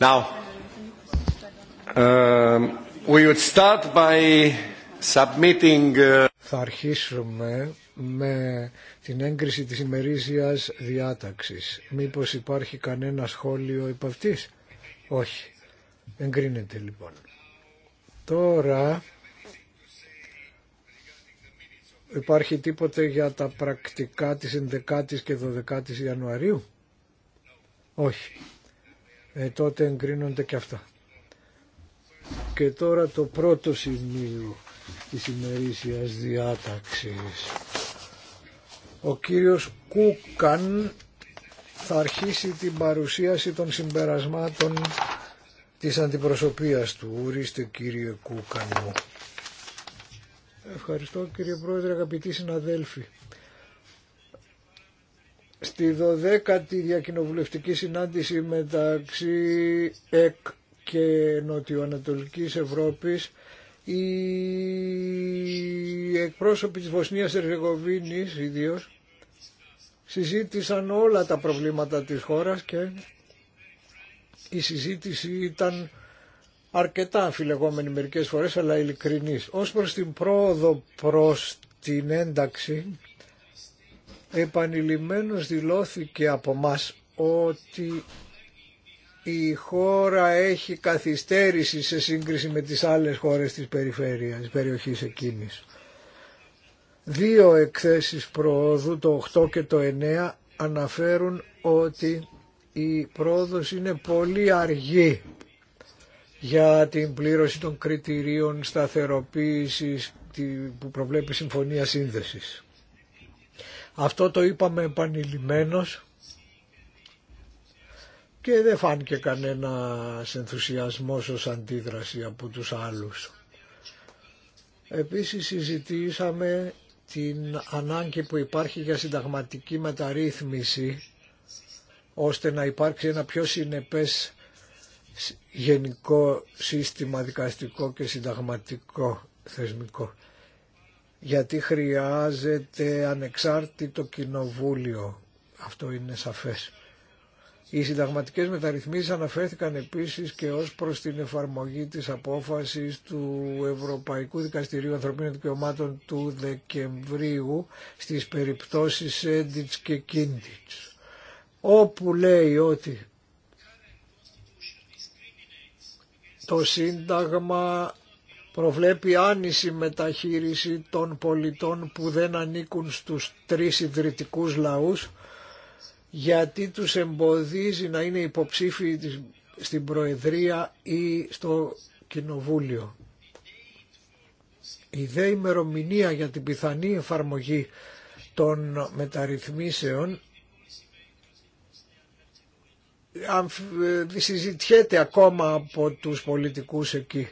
Now, um, we would start by submitting... Uh, Θα αρχίσουμε με την έγκριση της ημερήσιας διάταξης. Μήπως υπάρχει κανένα σχόλιο υπ' Όχι. Εγκρίνεται λοιπόν. Τώρα υπάρχει τίποτε για τα πρακτικά της 11ης και 12ης Ιανουαρίου. Όχι ε, τότε εγκρίνονται και αυτά. Και τώρα το πρώτο σημείο της ημερήσιας διάταξης. Ο κύριος Κούκαν θα αρχίσει την παρουσίαση των συμπερασμάτων της αντιπροσωπείας του. Ορίστε κύριε Κούκαν μου. Ευχαριστώ κύριε Πρόεδρε αγαπητοί συναδέλφοι. Στη 12η διακοινοβουλευτική συνάντηση μεταξύ ΕΚ και Νοτιοανατολικής Ευρώπης οι εκπρόσωποι της Βοσνίας Ερζεγοβίνης ιδίως συζήτησαν όλα τα προβλήματα της χώρας και η συζήτηση ήταν αρκετά αμφιλεγόμενη μερικές φορές αλλά ειλικρινής. Ως προς την πρόοδο προς την ένταξη επανειλημμένως δηλώθηκε από μας ότι η χώρα έχει καθυστέρηση σε σύγκριση με τις άλλες χώρες της περιφέρειας, της περιοχής εκείνης. Δύο εκθέσεις προόδου, το 8 και το 9, αναφέρουν ότι η πρόοδος είναι πολύ αργή για την πλήρωση των κριτηρίων σταθεροποίησης που προβλέπει η Συμφωνία Σύνδεσης. Αυτό το είπαμε επανειλημμένος και δεν φάνηκε κανένα ενθουσιασμός ως αντίδραση από τους άλλους. Επίσης συζητήσαμε την ανάγκη που υπάρχει για συνταγματική μεταρρύθμιση ώστε να υπάρξει ένα πιο συνεπές γενικό σύστημα δικαστικό και συνταγματικό θεσμικό γιατί χρειάζεται ανεξάρτητο κοινοβούλιο. Αυτό είναι σαφές. Οι συνταγματικές μεταρρυθμίσεις αναφέρθηκαν επίσης και ως προς την εφαρμογή της απόφασης του Ευρωπαϊκού Δικαστηρίου Ανθρωπίνων Δικαιωμάτων του Δεκεμβρίου στις περιπτώσεις Σέντιτς και Κίντιτς, όπου λέει ότι το Σύνταγμα προβλέπει άνηση μεταχείριση των πολιτών που δεν ανήκουν στους τρεις ιδρυτικούς λαούς γιατί τους εμποδίζει να είναι υποψήφιοι στην Προεδρία ή στο Κοινοβούλιο. Η δε ημερομηνία για την πιθανή εφαρμογή των μεταρρυθμίσεων ε, συζητιέται ακόμα από τους πολιτικούς εκεί.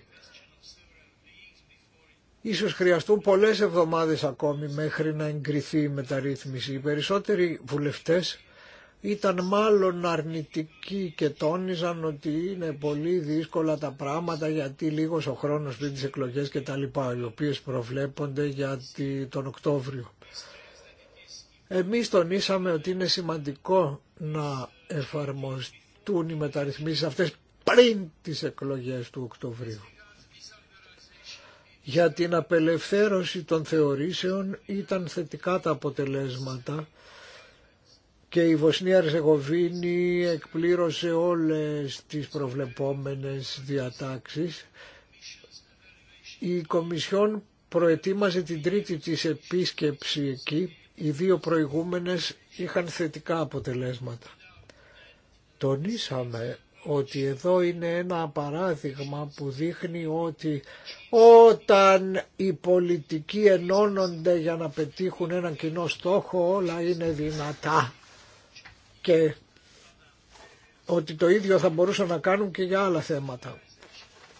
Ίσως χρειαστούν πολλές εβδομάδες ακόμη μέχρι να εγκριθεί η μεταρρύθμιση. Οι περισσότεροι βουλευτές ήταν μάλλον αρνητικοί και τόνιζαν ότι είναι πολύ δύσκολα τα πράγματα γιατί λίγος ο χρόνος πριν τις εκλογές και τα λοιπά, οι οποίες προβλέπονται για τον Οκτώβριο. Εμείς τονίσαμε ότι είναι σημαντικό να εφαρμοστούν οι μεταρρυθμίσεις αυτές πριν τις εκλογές του Οκτωβρίου. Για την απελευθέρωση των θεωρήσεων ήταν θετικά τα αποτελέσματα και η Βοσνία Ριζεγοβίνη εκπλήρωσε όλες τις προβλεπόμενες διατάξεις. Η Κομισιόν προετοίμαζε την τρίτη της επίσκεψη εκεί. Οι δύο προηγούμενες είχαν θετικά αποτελέσματα. Τονίσαμε ότι εδώ είναι ένα παράδειγμα που δείχνει ότι όταν οι πολιτικοί ενώνονται για να πετύχουν έναν κοινό στόχο όλα είναι δυνατά και ότι το ίδιο θα μπορούσαν να κάνουν και για άλλα θέματα.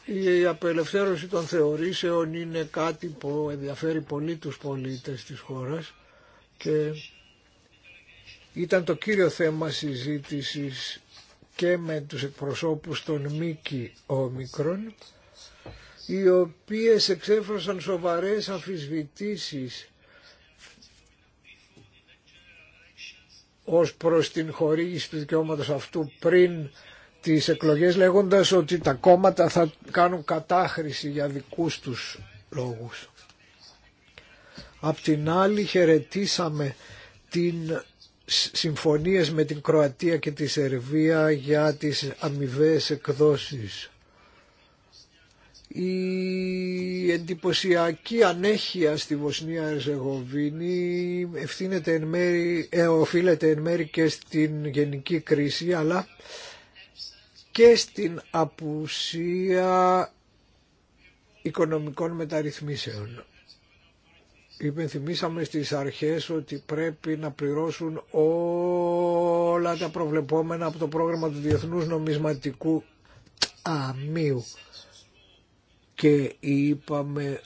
Η απελευθέρωση των θεωρήσεων είναι κάτι που ενδιαφέρει πολύ τους πολίτες της χώρας και ήταν το κύριο θέμα συζήτησης και με τους εκπροσώπους των Μίκη όμικρων οι οποίες εξέφρασαν σοβαρές αμφισβητήσεις ως προς την χορήγηση του δικαιώματος αυτού πριν τις εκλογές λέγοντας ότι τα κόμματα θα κάνουν κατάχρηση για δικούς τους λόγους. Απ' την άλλη χαιρετήσαμε την συμφωνίες με την Κροατία και τη Σερβία για τις αμοιβέ εκδόσεις. Η εντυπωσιακή ανέχεια στη Βοσνία Ερζεγοβίνη ευθύνεται εν μέρη, ε, οφείλεται εν μέρη και στην γενική κρίση αλλά και στην απουσία οικονομικών μεταρρυθμίσεων υπενθυμίσαμε στις αρχές ότι πρέπει να πληρώσουν όλα τα προβλεπόμενα από το πρόγραμμα του Διεθνούς Νομισματικού Αμείου και είπαμε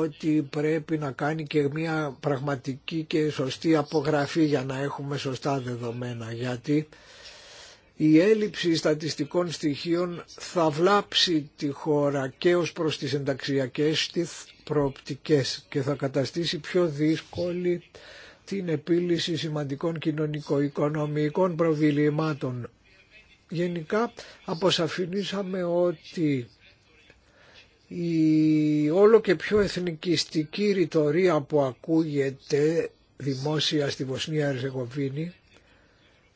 ότι πρέπει να κάνει και μια πραγματική και σωστή απογραφή για να έχουμε σωστά δεδομένα γιατί η έλλειψη στατιστικών στοιχείων θα βλάψει τη χώρα και ως προς τις ενταξιακές της προοπτικές και θα καταστήσει πιο δύσκολη την επίλυση σημαντικών κοινωνικο-οικονομικών προβλημάτων. Γενικά αποσαφηνίσαμε ότι η όλο και πιο εθνικιστική ρητορία που ακούγεται δημόσια στη Βοσνία Ερζεγοβίνη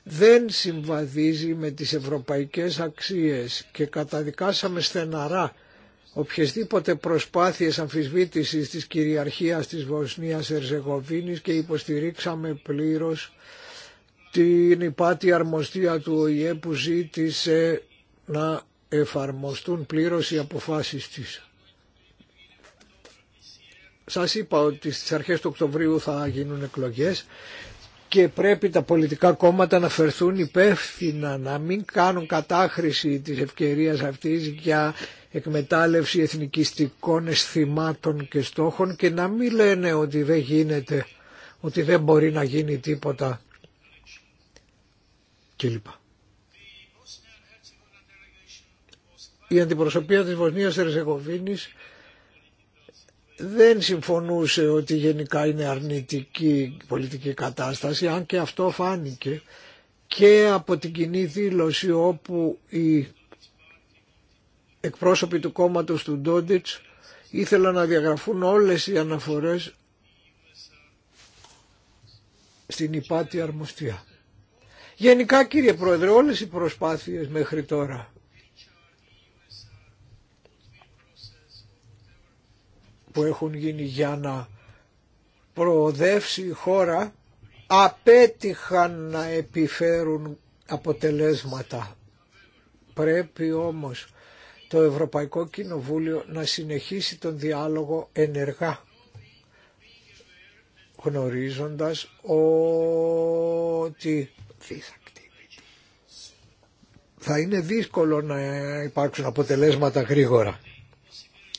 δεν συμβαδίζει με τις ευρωπαϊκές αξίες και καταδικάσαμε στεναρά οποιασδήποτε προσπάθειες αμφισβήτησης της κυριαρχίας της Βοσνίας Ερζεγοβίνης και υποστηρίξαμε πλήρως την υπάτη αρμοστία του ΟΗΕ που ζήτησε να εφαρμοστούν πλήρως οι αποφάσεις της. Σας είπα ότι στις αρχές του Οκτωβρίου θα γίνουν εκλογές και πρέπει τα πολιτικά κόμματα να φερθούν υπεύθυνα, να μην κάνουν κατάχρηση της ευκαιρίας αυτής για εκμετάλλευση εθνικιστικών αισθημάτων και στόχων και να μην λένε ότι δεν γίνεται, ότι δεν μπορεί να γίνει τίποτα κλπ. Η αντιπροσωπεία της Βοσνίας Ερζεγοβίνης δεν συμφωνούσε ότι γενικά είναι αρνητική πολιτική κατάσταση, αν και αυτό φάνηκε και από την κοινή δήλωση όπου οι εκπρόσωποι του κόμματος του Ντόντιτς ήθελαν να διαγραφούν όλες οι αναφορές στην υπάτη αρμοστία. Γενικά κύριε Πρόεδρε όλες οι προσπάθειες μέχρι τώρα που έχουν γίνει για να προοδεύσει η χώρα απέτυχαν να επιφέρουν αποτελέσματα. Πρέπει όμως το Ευρωπαϊκό Κοινοβούλιο να συνεχίσει τον διάλογο ενεργά γνωρίζοντας ότι θα είναι δύσκολο να υπάρξουν αποτελέσματα γρήγορα.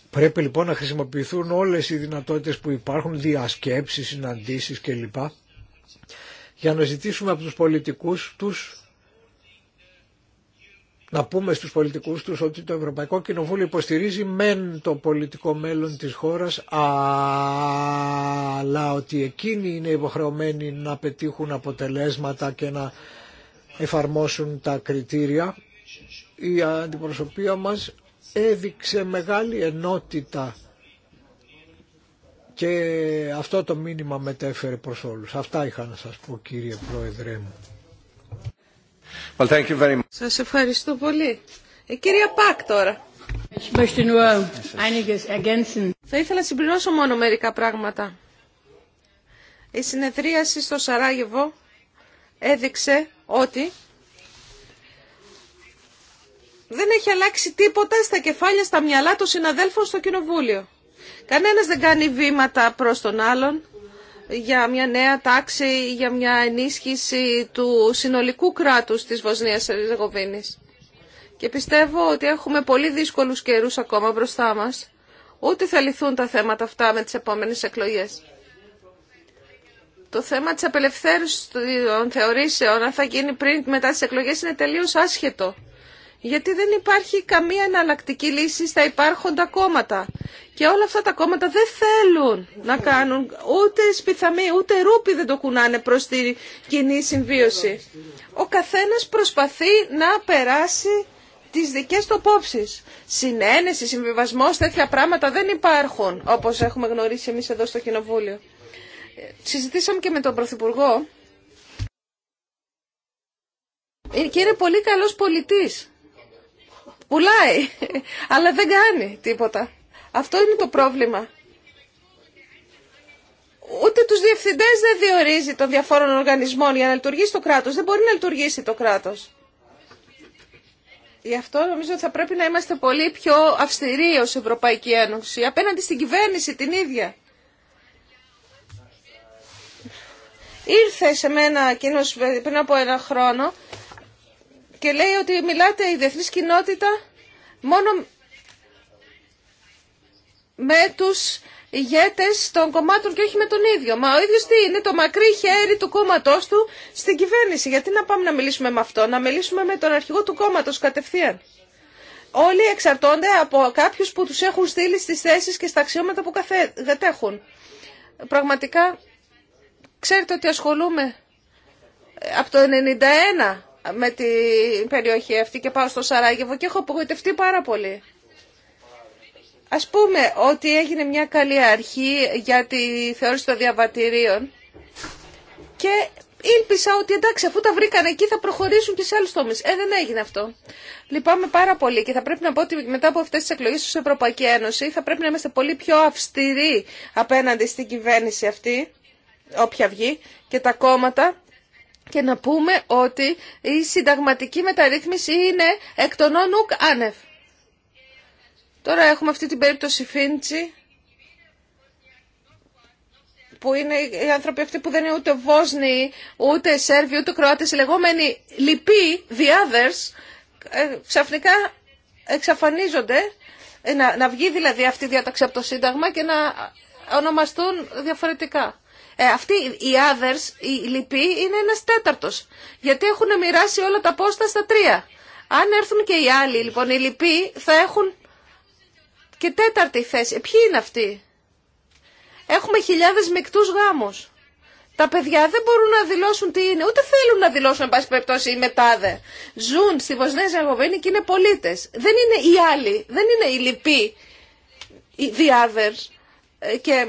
Πρέπει λοιπόν να χρησιμοποιηθούν όλες οι δυνατότητες που υπάρχουν, διασκέψεις, συναντήσεις κλπ. Για να ζητήσουμε από τους πολιτικούς τους, να πούμε στους πολιτικούς τους ότι το Ευρωπαϊκό Κοινοβούλιο υποστηρίζει μεν το πολιτικό μέλλον της χώρας, αλλά ότι εκείνοι είναι υποχρεωμένοι να πετύχουν αποτελέσματα και να εφαρμόσουν τα κριτήρια. Η αντιπροσωπεία μας έδειξε μεγάλη ενότητα και αυτό το μήνυμα μετέφερε προς όλους. Αυτά είχα να σας πω κύριε Πρόεδρέ μου. Σας ευχαριστώ πολύ. Ε, κυρία Πακ τώρα. Θα ήθελα να συμπληρώσω μόνο μερικά πράγματα. Η συνεδρίαση στο Σαράγεβο έδειξε ότι δεν έχει αλλάξει τίποτα στα κεφάλια, στα μυαλά των συναδέλφων στο Κοινοβούλιο. Κανένας δεν κάνει βήματα προς τον άλλον για μια νέα τάξη, για μια ενίσχυση του συνολικού κράτους της Βοσνίας Ερζεγοβίνης. Και πιστεύω ότι έχουμε πολύ δύσκολους καιρούς ακόμα μπροστά μας. Ούτε θα λυθούν τα θέματα αυτά με τις επόμενες εκλογές. Το θέμα της απελευθέρωσης των θεωρήσεων, αν θα γίνει πριν μετά τις εκλογές, είναι τελείως άσχετο γιατί δεν υπάρχει καμία εναλλακτική λύση στα υπάρχοντα κόμματα. Και όλα αυτά τα κόμματα δεν θέλουν να κάνουν ούτε σπιθαμή, ούτε ρούπι δεν το κουνάνε προς τη κοινή συμβίωση. Ο καθένας προσπαθεί να περάσει τις δικές του απόψεις. Συνένεση, συμβιβασμός, τέτοια πράγματα δεν υπάρχουν, όπως έχουμε γνωρίσει εμείς εδώ στο Κοινοβούλιο. Συζητήσαμε και με τον Πρωθυπουργό ε, και είναι πολύ καλός πολιτής. Πουλάει, αλλά δεν κάνει τίποτα. Αυτό είναι το πρόβλημα. Ούτε τους διευθυντές δεν διορίζει των διαφόρων οργανισμών για να λειτουργήσει το κράτος. Δεν μπορεί να λειτουργήσει το κράτος. Γι' αυτό νομίζω ότι θα πρέπει να είμαστε πολύ πιο αυστηροί ως Ευρωπαϊκή Ένωση, απέναντι στην κυβέρνηση την ίδια. Ήρθε σε μένα εκείνο πριν από ένα χρόνο και λέει ότι μιλάτε η διεθνή κοινότητα μόνο με τους ηγέτες των κομμάτων και όχι με τον ίδιο. Μα ο ίδιος τι είναι το μακρύ χέρι του κόμματός του στην κυβέρνηση. Γιατί να πάμε να μιλήσουμε με αυτό, να μιλήσουμε με τον αρχηγό του κόμματος κατευθείαν. Όλοι εξαρτώνται από κάποιους που τους έχουν στείλει στις θέσεις και στα αξιώματα που κατέχουν. Πραγματικά, ξέρετε ότι ασχολούμαι ε, από το 91 με την περιοχή αυτή και πάω στο Σαράγεβο και έχω απογοητευτεί πάρα πολύ. Ας πούμε ότι έγινε μια καλή αρχή για τη θεώρηση των διαβατηρίων και ήλπισα ότι εντάξει αφού τα βρήκαν εκεί θα προχωρήσουν και σε άλλους τομείς. Ε, δεν έγινε αυτό. Λυπάμαι πάρα πολύ και θα πρέπει να πω ότι μετά από αυτές τις εκλογές στην Ευρωπαϊκή Ένωση θα πρέπει να είμαστε πολύ πιο αυστηροί απέναντι στην κυβέρνηση αυτή, όποια βγει, και τα κόμματα και να πούμε ότι η συνταγματική μεταρρύθμιση είναι εκ των όνουκ άνευ. Τώρα έχουμε αυτή την περίπτωση Φίντσι που είναι οι άνθρωποι αυτοί που δεν είναι ούτε Βόσνοι, ούτε Σέρβοι, ούτε Κροάτες, οι λεγόμενοι λοιποί, the others, ε, ξαφνικά εξαφανίζονται, ε, να, να βγει δηλαδή αυτή η διάταξη από το Σύνταγμα και να ονομαστούν διαφορετικά. Ε, αυτοί οι others, οι λοιποί, είναι ένας τέταρτος. Γιατί έχουν μοιράσει όλα τα πόστα στα τρία. Αν έρθουν και οι άλλοι, λοιπόν, οι λοιποί θα έχουν και τέταρτη θέση. Ε, ποιοι είναι αυτοί. Έχουμε χιλιάδες μεικτούς γάμους. Τα παιδιά δεν μπορούν να δηλώσουν τι είναι, ούτε θέλουν να δηλώσουν, εν πάση περιπτώσει, οι μετάδε. Ζουν στη Βοσνία Ζαγοβίνη και είναι πολίτε. Δεν είναι οι άλλοι, δεν είναι οι λοιποί, οι others. Ε, και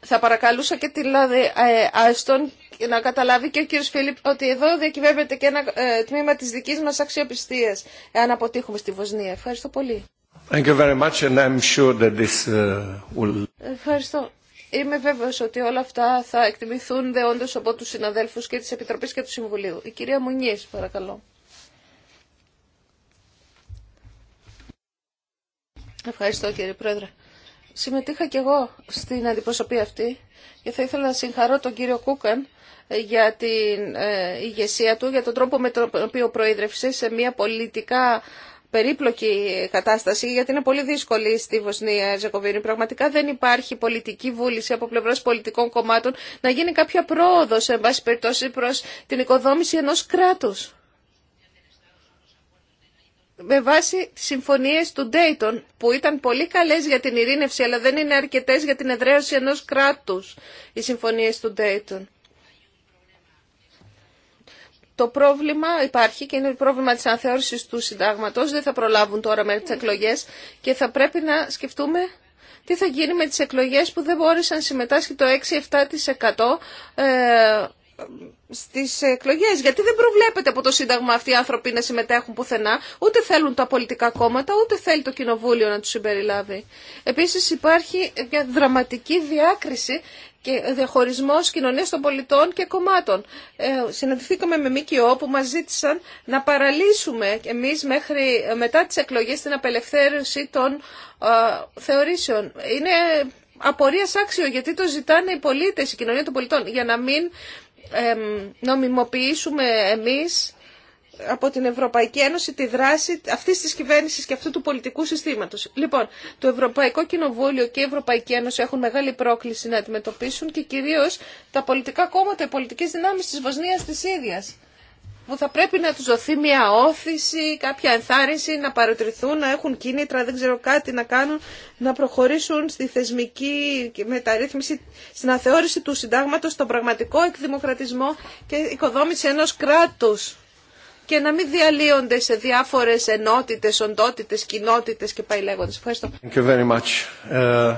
θα παρακαλούσα και τη Λάδη ε, Άστον να καταλάβει και ο κύριος Φίλιπ ότι εδώ διακυβεύεται και ένα ε, τμήμα της δικής μας αξιοπιστίας εάν αποτύχουμε στη Βοσνία. Ευχαριστώ πολύ. Thank you very much and I'm sure that this uh, will... Ευχαριστώ. Είμαι βέβαιος ότι όλα αυτά θα εκτιμηθούν δεόντως από τους συναδέλφους και της Επιτροπής και του Συμβουλίου. Η κυρία Μουνιές, παρακαλώ. Ευχαριστώ κύριε Πρόεδρε. Συμμετείχα κι εγώ στην αντιπροσωπή αυτή και θα ήθελα να συγχαρώ τον κύριο Κούκαν ε, για την ε, ηγεσία του, για τον τρόπο με τον οποίο προείδρευσε σε μια πολιτικά περίπλοκη κατάσταση, γιατί είναι πολύ δύσκολη στη Βοσνία Ζεκοβίνη. Πραγματικά δεν υπάρχει πολιτική βούληση από πλευρά πολιτικών κομμάτων να γίνει κάποια πρόοδο, εν πάση περιπτώσει, προ την οικοδόμηση ενό κράτου με βάση τις συμφωνίες του Ντέιτον που ήταν πολύ καλές για την ειρήνευση αλλά δεν είναι αρκετές για την εδραίωση ενός κράτους οι συμφωνίες του Ντέιτον. Το πρόβλημα υπάρχει και είναι το πρόβλημα της ανθεώρησης του συντάγματος. Δεν θα προλάβουν τώρα με τις εκλογές και θα πρέπει να σκεφτούμε τι θα γίνει με τις εκλογές που δεν μπόρεσαν συμμετάσχει το 6-7% ε, στις εκλογές. Γιατί δεν προβλέπεται από το Σύνταγμα αυτοί οι άνθρωποι να συμμετέχουν πουθενά. Ούτε θέλουν τα πολιτικά κόμματα, ούτε θέλει το Κοινοβούλιο να τους συμπεριλάβει. Επίσης υπάρχει μια δραματική διάκριση και διαχωρισμό κοινωνία των πολιτών και κομμάτων. Ε, συναντηθήκαμε με ΜΚΟ που μα ζήτησαν να παραλύσουμε εμεί μέχρι μετά τι εκλογέ την απελευθέρωση των ε, θεωρήσεων. Είναι απορία άξιο γιατί το ζητάνε οι πολίτε, η κοινωνία των πολιτών, για να μην νομιμοποιήσουμε εμείς από την Ευρωπαϊκή Ένωση τη δράση αυτής της κυβέρνησης και αυτού του πολιτικού συστήματος. Λοιπόν, το Ευρωπαϊκό Κοινοβούλιο και η Ευρωπαϊκή Ένωση έχουν μεγάλη πρόκληση να αντιμετωπίσουν και κυρίως τα πολιτικά κόμματα, οι πολιτικές δυνάμεις της Βοσνίας της ίδιας που θα πρέπει να τους δοθεί μια όθηση, κάποια ενθάρρυνση να παροτριθούν, να έχουν κίνητρα, δεν ξέρω κάτι να κάνουν, να προχωρήσουν στη θεσμική μεταρρύθμιση, στην αθεώρηση του συντάγματος, στον πραγματικό εκδημοκρατισμό και οικοδόμηση ενός κράτους και να μην διαλύονται σε διάφορες ενότητες, οντότητες, κοινότητες και πάει λέγοντας. Ευχαριστώ. Thank you very much. Uh,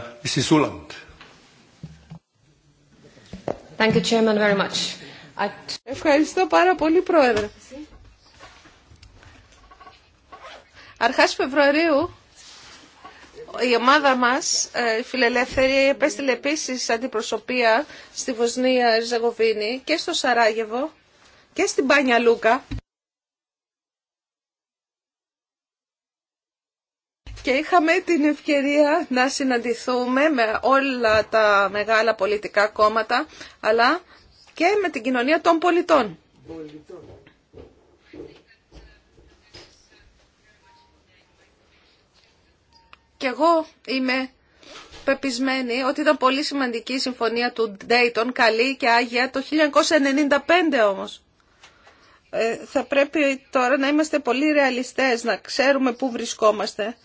Ευχαριστώ πάρα πολύ, Πρόεδρε. Αρχάς Φεβρουαρίου η ομάδα μας, ε, η Φιλελεύθερη, επέστειλε επίσης αντιπροσωπεία στη Βοσνία Ριζαγοβίνη και στο Σαράγεβο και στην Πάνια Λούκα. Και είχαμε την ευκαιρία να συναντηθούμε με όλα τα μεγάλα πολιτικά κόμματα, αλλά και με την κοινωνία των πολιτών. Και εγώ είμαι πεπισμένη ότι ήταν πολύ σημαντική η συμφωνία του Ντέιτον, καλή και άγια, το 1995 όμως. Ε, θα πρέπει τώρα να είμαστε πολύ ρεαλιστές, να ξέρουμε πού βρισκόμαστε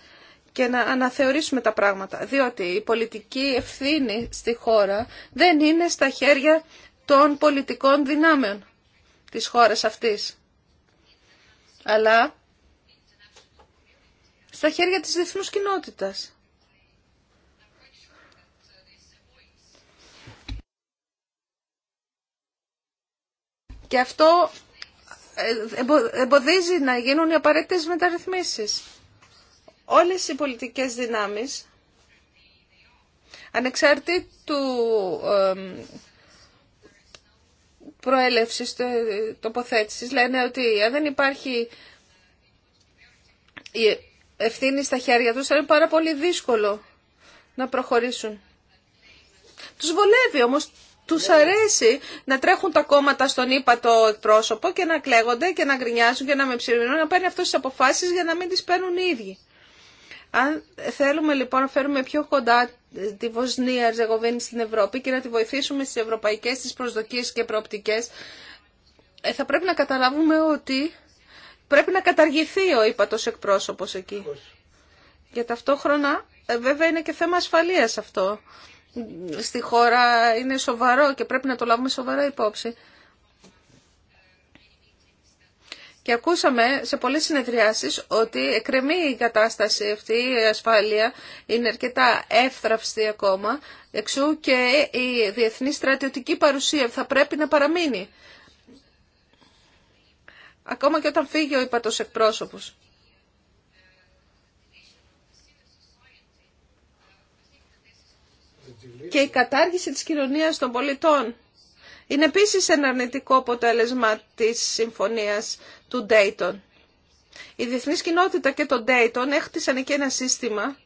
και να αναθεωρήσουμε τα πράγματα. Διότι η πολιτική ευθύνη στη χώρα δεν είναι στα χέρια των πολιτικών δυνάμεων της χώρας αυτής. Αλλά στα χέρια της διεθνούς κοινότητας. Και αυτό ε, εμποδίζει να γίνουν οι απαραίτητες μεταρρυθμίσεις. Όλες οι πολιτικές δυνάμεις, ανεξαρτήτου προέλευσης τοποθέτηση. λένε ότι αν δεν υπάρχει η ευθύνη στα χέρια τους είναι πάρα πολύ δύσκολο να προχωρήσουν. Τους βολεύει όμως, τους αρέσει να τρέχουν τα κόμματα στον ύπατο εκπρόσωπο και να κλαίγονται και να γκρινιάζουν και να με ψηρινούν, να παίρνει αυτές τις αποφάσεις για να μην τις παίρνουν οι ίδιοι. Αν θέλουμε λοιπόν να φέρουμε πιο κοντά τη Βοσνία Ζεγοβίνη στην Ευρώπη και να τη βοηθήσουμε στις ευρωπαϊκές τις προσδοκίες και προοπτικές, ε, θα πρέπει να καταλάβουμε ότι πρέπει να καταργηθεί ο ύπατος εκπρόσωπος εκεί. Και ταυτόχρονα ε, βέβαια είναι και θέμα ασφαλείας αυτό. Στη χώρα είναι σοβαρό και πρέπει να το λάβουμε σοβαρά υπόψη. Και ακούσαμε σε πολλές συνεδριάσεις ότι εκκρεμεί η κατάσταση αυτή, η ασφάλεια είναι αρκετά εύθραυστη ακόμα, εξού και η διεθνή στρατιωτική παρουσία θα πρέπει να παραμείνει. Ακόμα και όταν φύγει ο υπατός εκπρόσωπος. Και η κατάργηση της κοινωνίας των πολιτών είναι επίσης ένα αρνητικό αποτέλεσμα της συμφωνίας του Dayton. Η διεθνή κοινότητα και το Dayton έχτισαν και ένα σύστημα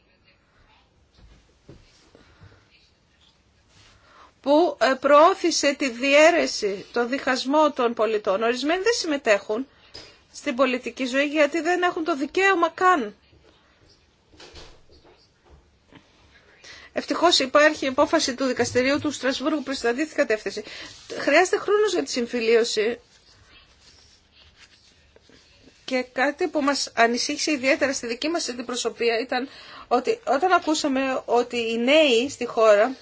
που ε, προώθησε τη διέρεση, τον διχασμό των πολιτών. Ορισμένοι δεν συμμετέχουν στην πολιτική ζωή γιατί δεν έχουν το δικαίωμα καν Ευτυχώ υπάρχει απόφαση του δικαστηρίου του Στρασβούργου που την αντίθετη κατεύθυνση. Χρειάζεται χρόνο για τη συμφιλίωση. Και κάτι που μας ανησύχησε ιδιαίτερα στη δική μας αντιπροσωπεία ήταν ότι όταν ακούσαμε ότι οι νέοι στη χώρα,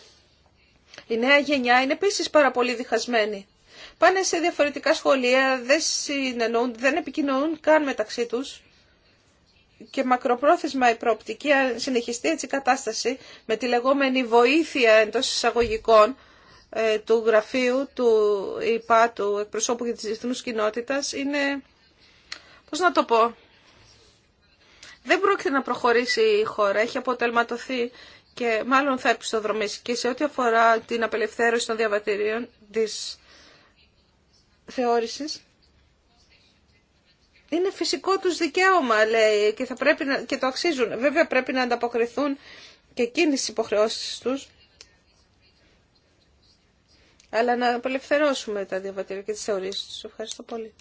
η νέα γενιά είναι επίσης πάρα πολύ διχασμένη. Πάνε σε διαφορετικά σχολεία, δεν συνεννοούν, δεν επικοινωνούν καν μεταξύ τους και μακροπρόθεσμα η προοπτική, αν συνεχιστεί έτσι η κατάσταση, με τη λεγόμενη βοήθεια εντός εισαγωγικών ε, του γραφείου του ΙΠΑ, του εκπροσώπου και της διεθνούς κοινότητας, είναι, πώς να το πω, δεν πρόκειται να προχωρήσει η χώρα, έχει αποτελματωθεί και μάλλον θα επιστοδρομήσει και σε ό,τι αφορά την απελευθέρωση των διαβατηρίων της θεώρησης. Είναι φυσικό τους δικαίωμα, λέει, και, θα πρέπει να, και το αξίζουν. Βέβαια πρέπει να ανταποκριθούν και εκείνοι τι υποχρεώσεις τους. Αλλά να απελευθερώσουμε τα διαβατήρια και τις θεωρίες τους. Ευχαριστώ πολύ.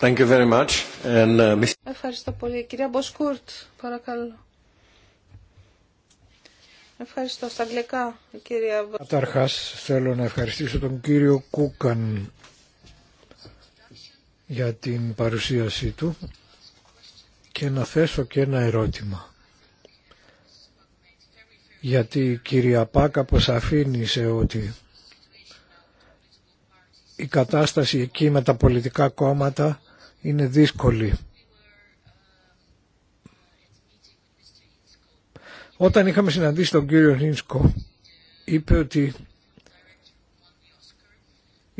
Thank you very much. And, uh... Ευχαριστώ πολύ. Κυρία Μποσκούρτ, παρακαλώ. Ευχαριστώ στα αγγλικά, κυρία Καταρχάς θέλω να ευχαριστήσω τον κύριο Κούκαν για την παρουσίασή του και να θέσω και ένα ερώτημα. Γιατί η κυρία Πάκα σε ότι η κατάσταση εκεί με τα πολιτικά κόμματα είναι δύσκολη. Όταν είχαμε συναντήσει τον κύριο Ρίνσκο είπε ότι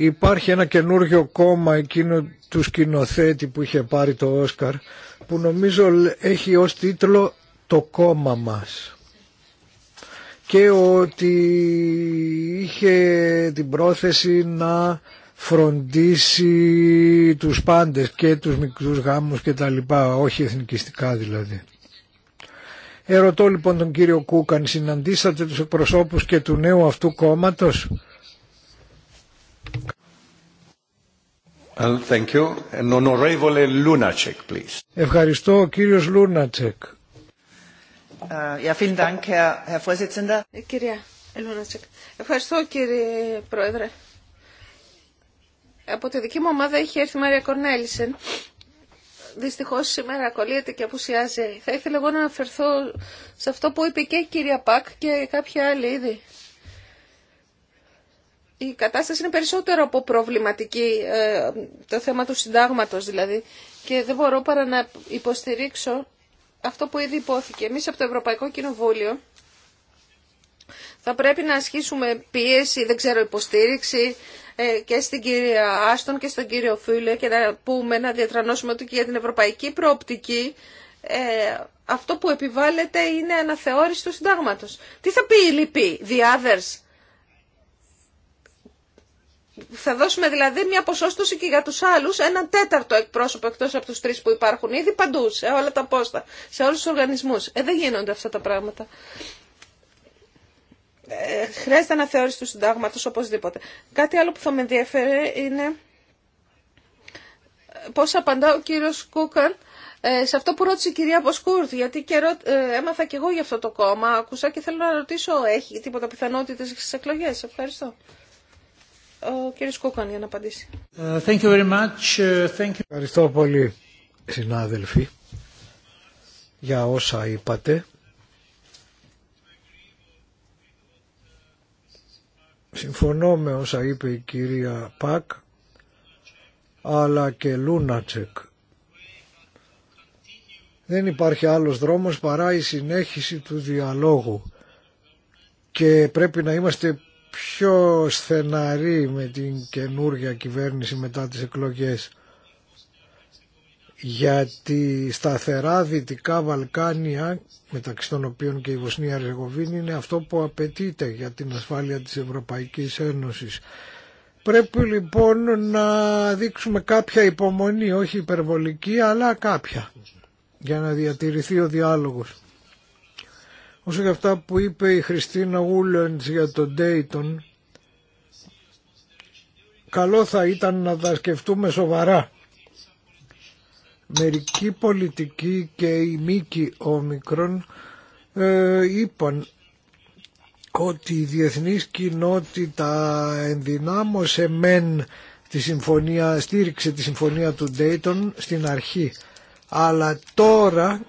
Υπάρχει ένα καινούργιο κόμμα εκείνο του σκηνοθέτη που είχε πάρει το Όσκαρ που νομίζω έχει ως τίτλο «Το κόμμα μας» και ότι είχε την πρόθεση να φροντίσει τους πάντες και τους μικρούς γάμους και τα λοιπά, όχι εθνικιστικά δηλαδή. Ερωτώ λοιπόν τον κύριο Κούκαν, συναντήσατε τους εκπροσώπους και του νέου αυτού κόμματος Ευχαριστώ, κύριος Λούνατσεκ. Ε, ε, Λούνατσεκ. Ευχαριστώ, κύριε Πρόεδρε. Από τη δική μου ομάδα έχει έρθει η Μαρία Κορνέλισεν. Δυστυχώς σήμερα ακολύεται και απουσιάζει. Θα ήθελα εγώ να αναφερθώ σε αυτό που είπε και η κυρία Πακ και κάποια άλλη ήδη η κατάσταση είναι περισσότερο από προβληματική, ε, το θέμα του συντάγματος δηλαδή. Και δεν μπορώ παρά να υποστηρίξω αυτό που ήδη υπόθηκε. Εμείς από το Ευρωπαϊκό Κοινοβούλιο θα πρέπει να ασχίσουμε πίεση, δεν ξέρω, υποστήριξη ε, και στην κυρία Άστον και στον κύριο Φίλε και να πούμε, να διατρανώσουμε ότι και για την ευρωπαϊκή προοπτική ε, αυτό που επιβάλλεται είναι αναθεώρηση του συντάγματος. Τι θα πει η λυπή, the others, θα δώσουμε δηλαδή μια ποσόστοση και για τους άλλους, ένα τέταρτο εκπρόσωπο εκτός από τους τρεις που υπάρχουν ήδη παντού, σε όλα τα πόστα, σε όλους τους οργανισμούς. Ε, δεν γίνονται αυτά τα πράγματα. Ε, χρειάζεται αναθεώρηση του συντάγματος οπωσδήποτε. Κάτι άλλο που θα με ενδιαφέρει είναι πώς απαντά ο κύριος Κούκαν ε, σε αυτό που ρώτησε η κυρία Μποσκούρτ, γιατί και ρω... ε, έμαθα και εγώ για αυτό το κόμμα, άκουσα και θέλω να ρωτήσω, έχει τίποτα πιθανότητες στις εκλογές. Ευχαριστώ ο κύριος Κούκαν για να απαντήσει. Ε, ε, Ευχαριστώ πολύ συνάδελφοι για όσα είπατε. Συμφωνώ με όσα είπε η κυρία Πακ αλλά και Λούνατσεκ. Δεν υπάρχει άλλος δρόμος παρά η συνέχιση του διαλόγου και πρέπει να είμαστε πιο στεναρή με την καινούργια κυβέρνηση μετά τις εκλογές γιατί σταθερά δυτικά Βαλκάνια μεταξύ των οποίων και η Βοσνία ρεγοβινη είναι αυτό που απαιτείται για την ασφάλεια της Ευρωπαϊκής Ένωσης. Πρέπει λοιπόν να δείξουμε κάποια υπομονή, όχι υπερβολική αλλά κάποια για να διατηρηθεί ο διάλογος. Όσο για αυτά που είπε η Χριστίνα Ούλεντς για τον Ντέιτον, καλό θα ήταν να τα σκεφτούμε σοβαρά. Μερικοί πολιτικοί και οι μήκοι ομικρών ε, είπαν ότι η διεθνής κοινότητα ενδυνάμωσε μεν τη συμφωνία, στήριξε τη συμφωνία του Ντέιτον στην αρχή. Αλλά τώρα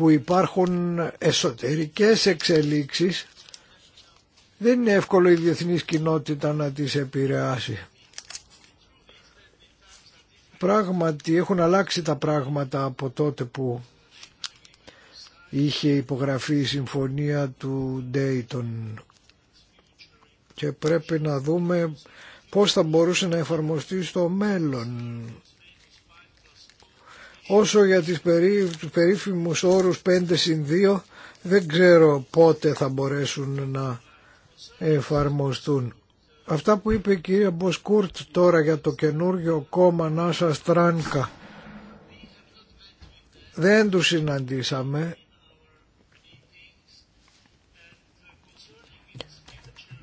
που υπάρχουν εσωτερικές εξελίξεις δεν είναι εύκολο η διεθνής κοινότητα να τις επηρεάσει. Πράγματι έχουν αλλάξει τα πράγματα από τότε που είχε υπογραφεί η συμφωνία του Ντέιτον και πρέπει να δούμε πώς θα μπορούσε να εφαρμοστεί στο μέλλον Όσο για τις περί, τους περίφημους όρους 5 συν 2 δεν ξέρω πότε θα μπορέσουν να εφαρμοστούν. Αυτά που είπε η κυρία Μποσκούρτ τώρα για το καινούργιο κόμμα Νάσα Στράνκα δεν τους συναντήσαμε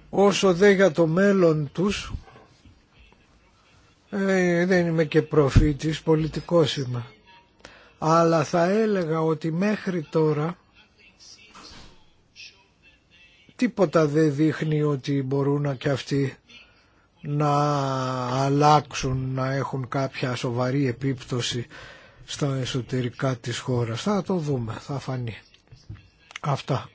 όσο δε για το μέλλον τους ε, δεν είμαι και προφήτης, πολιτικός είμαι αλλά θα έλεγα ότι μέχρι τώρα τίποτα δεν δείχνει ότι μπορούν και αυτοί να αλλάξουν, να έχουν κάποια σοβαρή επίπτωση στα εσωτερικά της χώρας. Θα το δούμε, θα φανεί. Αυτά.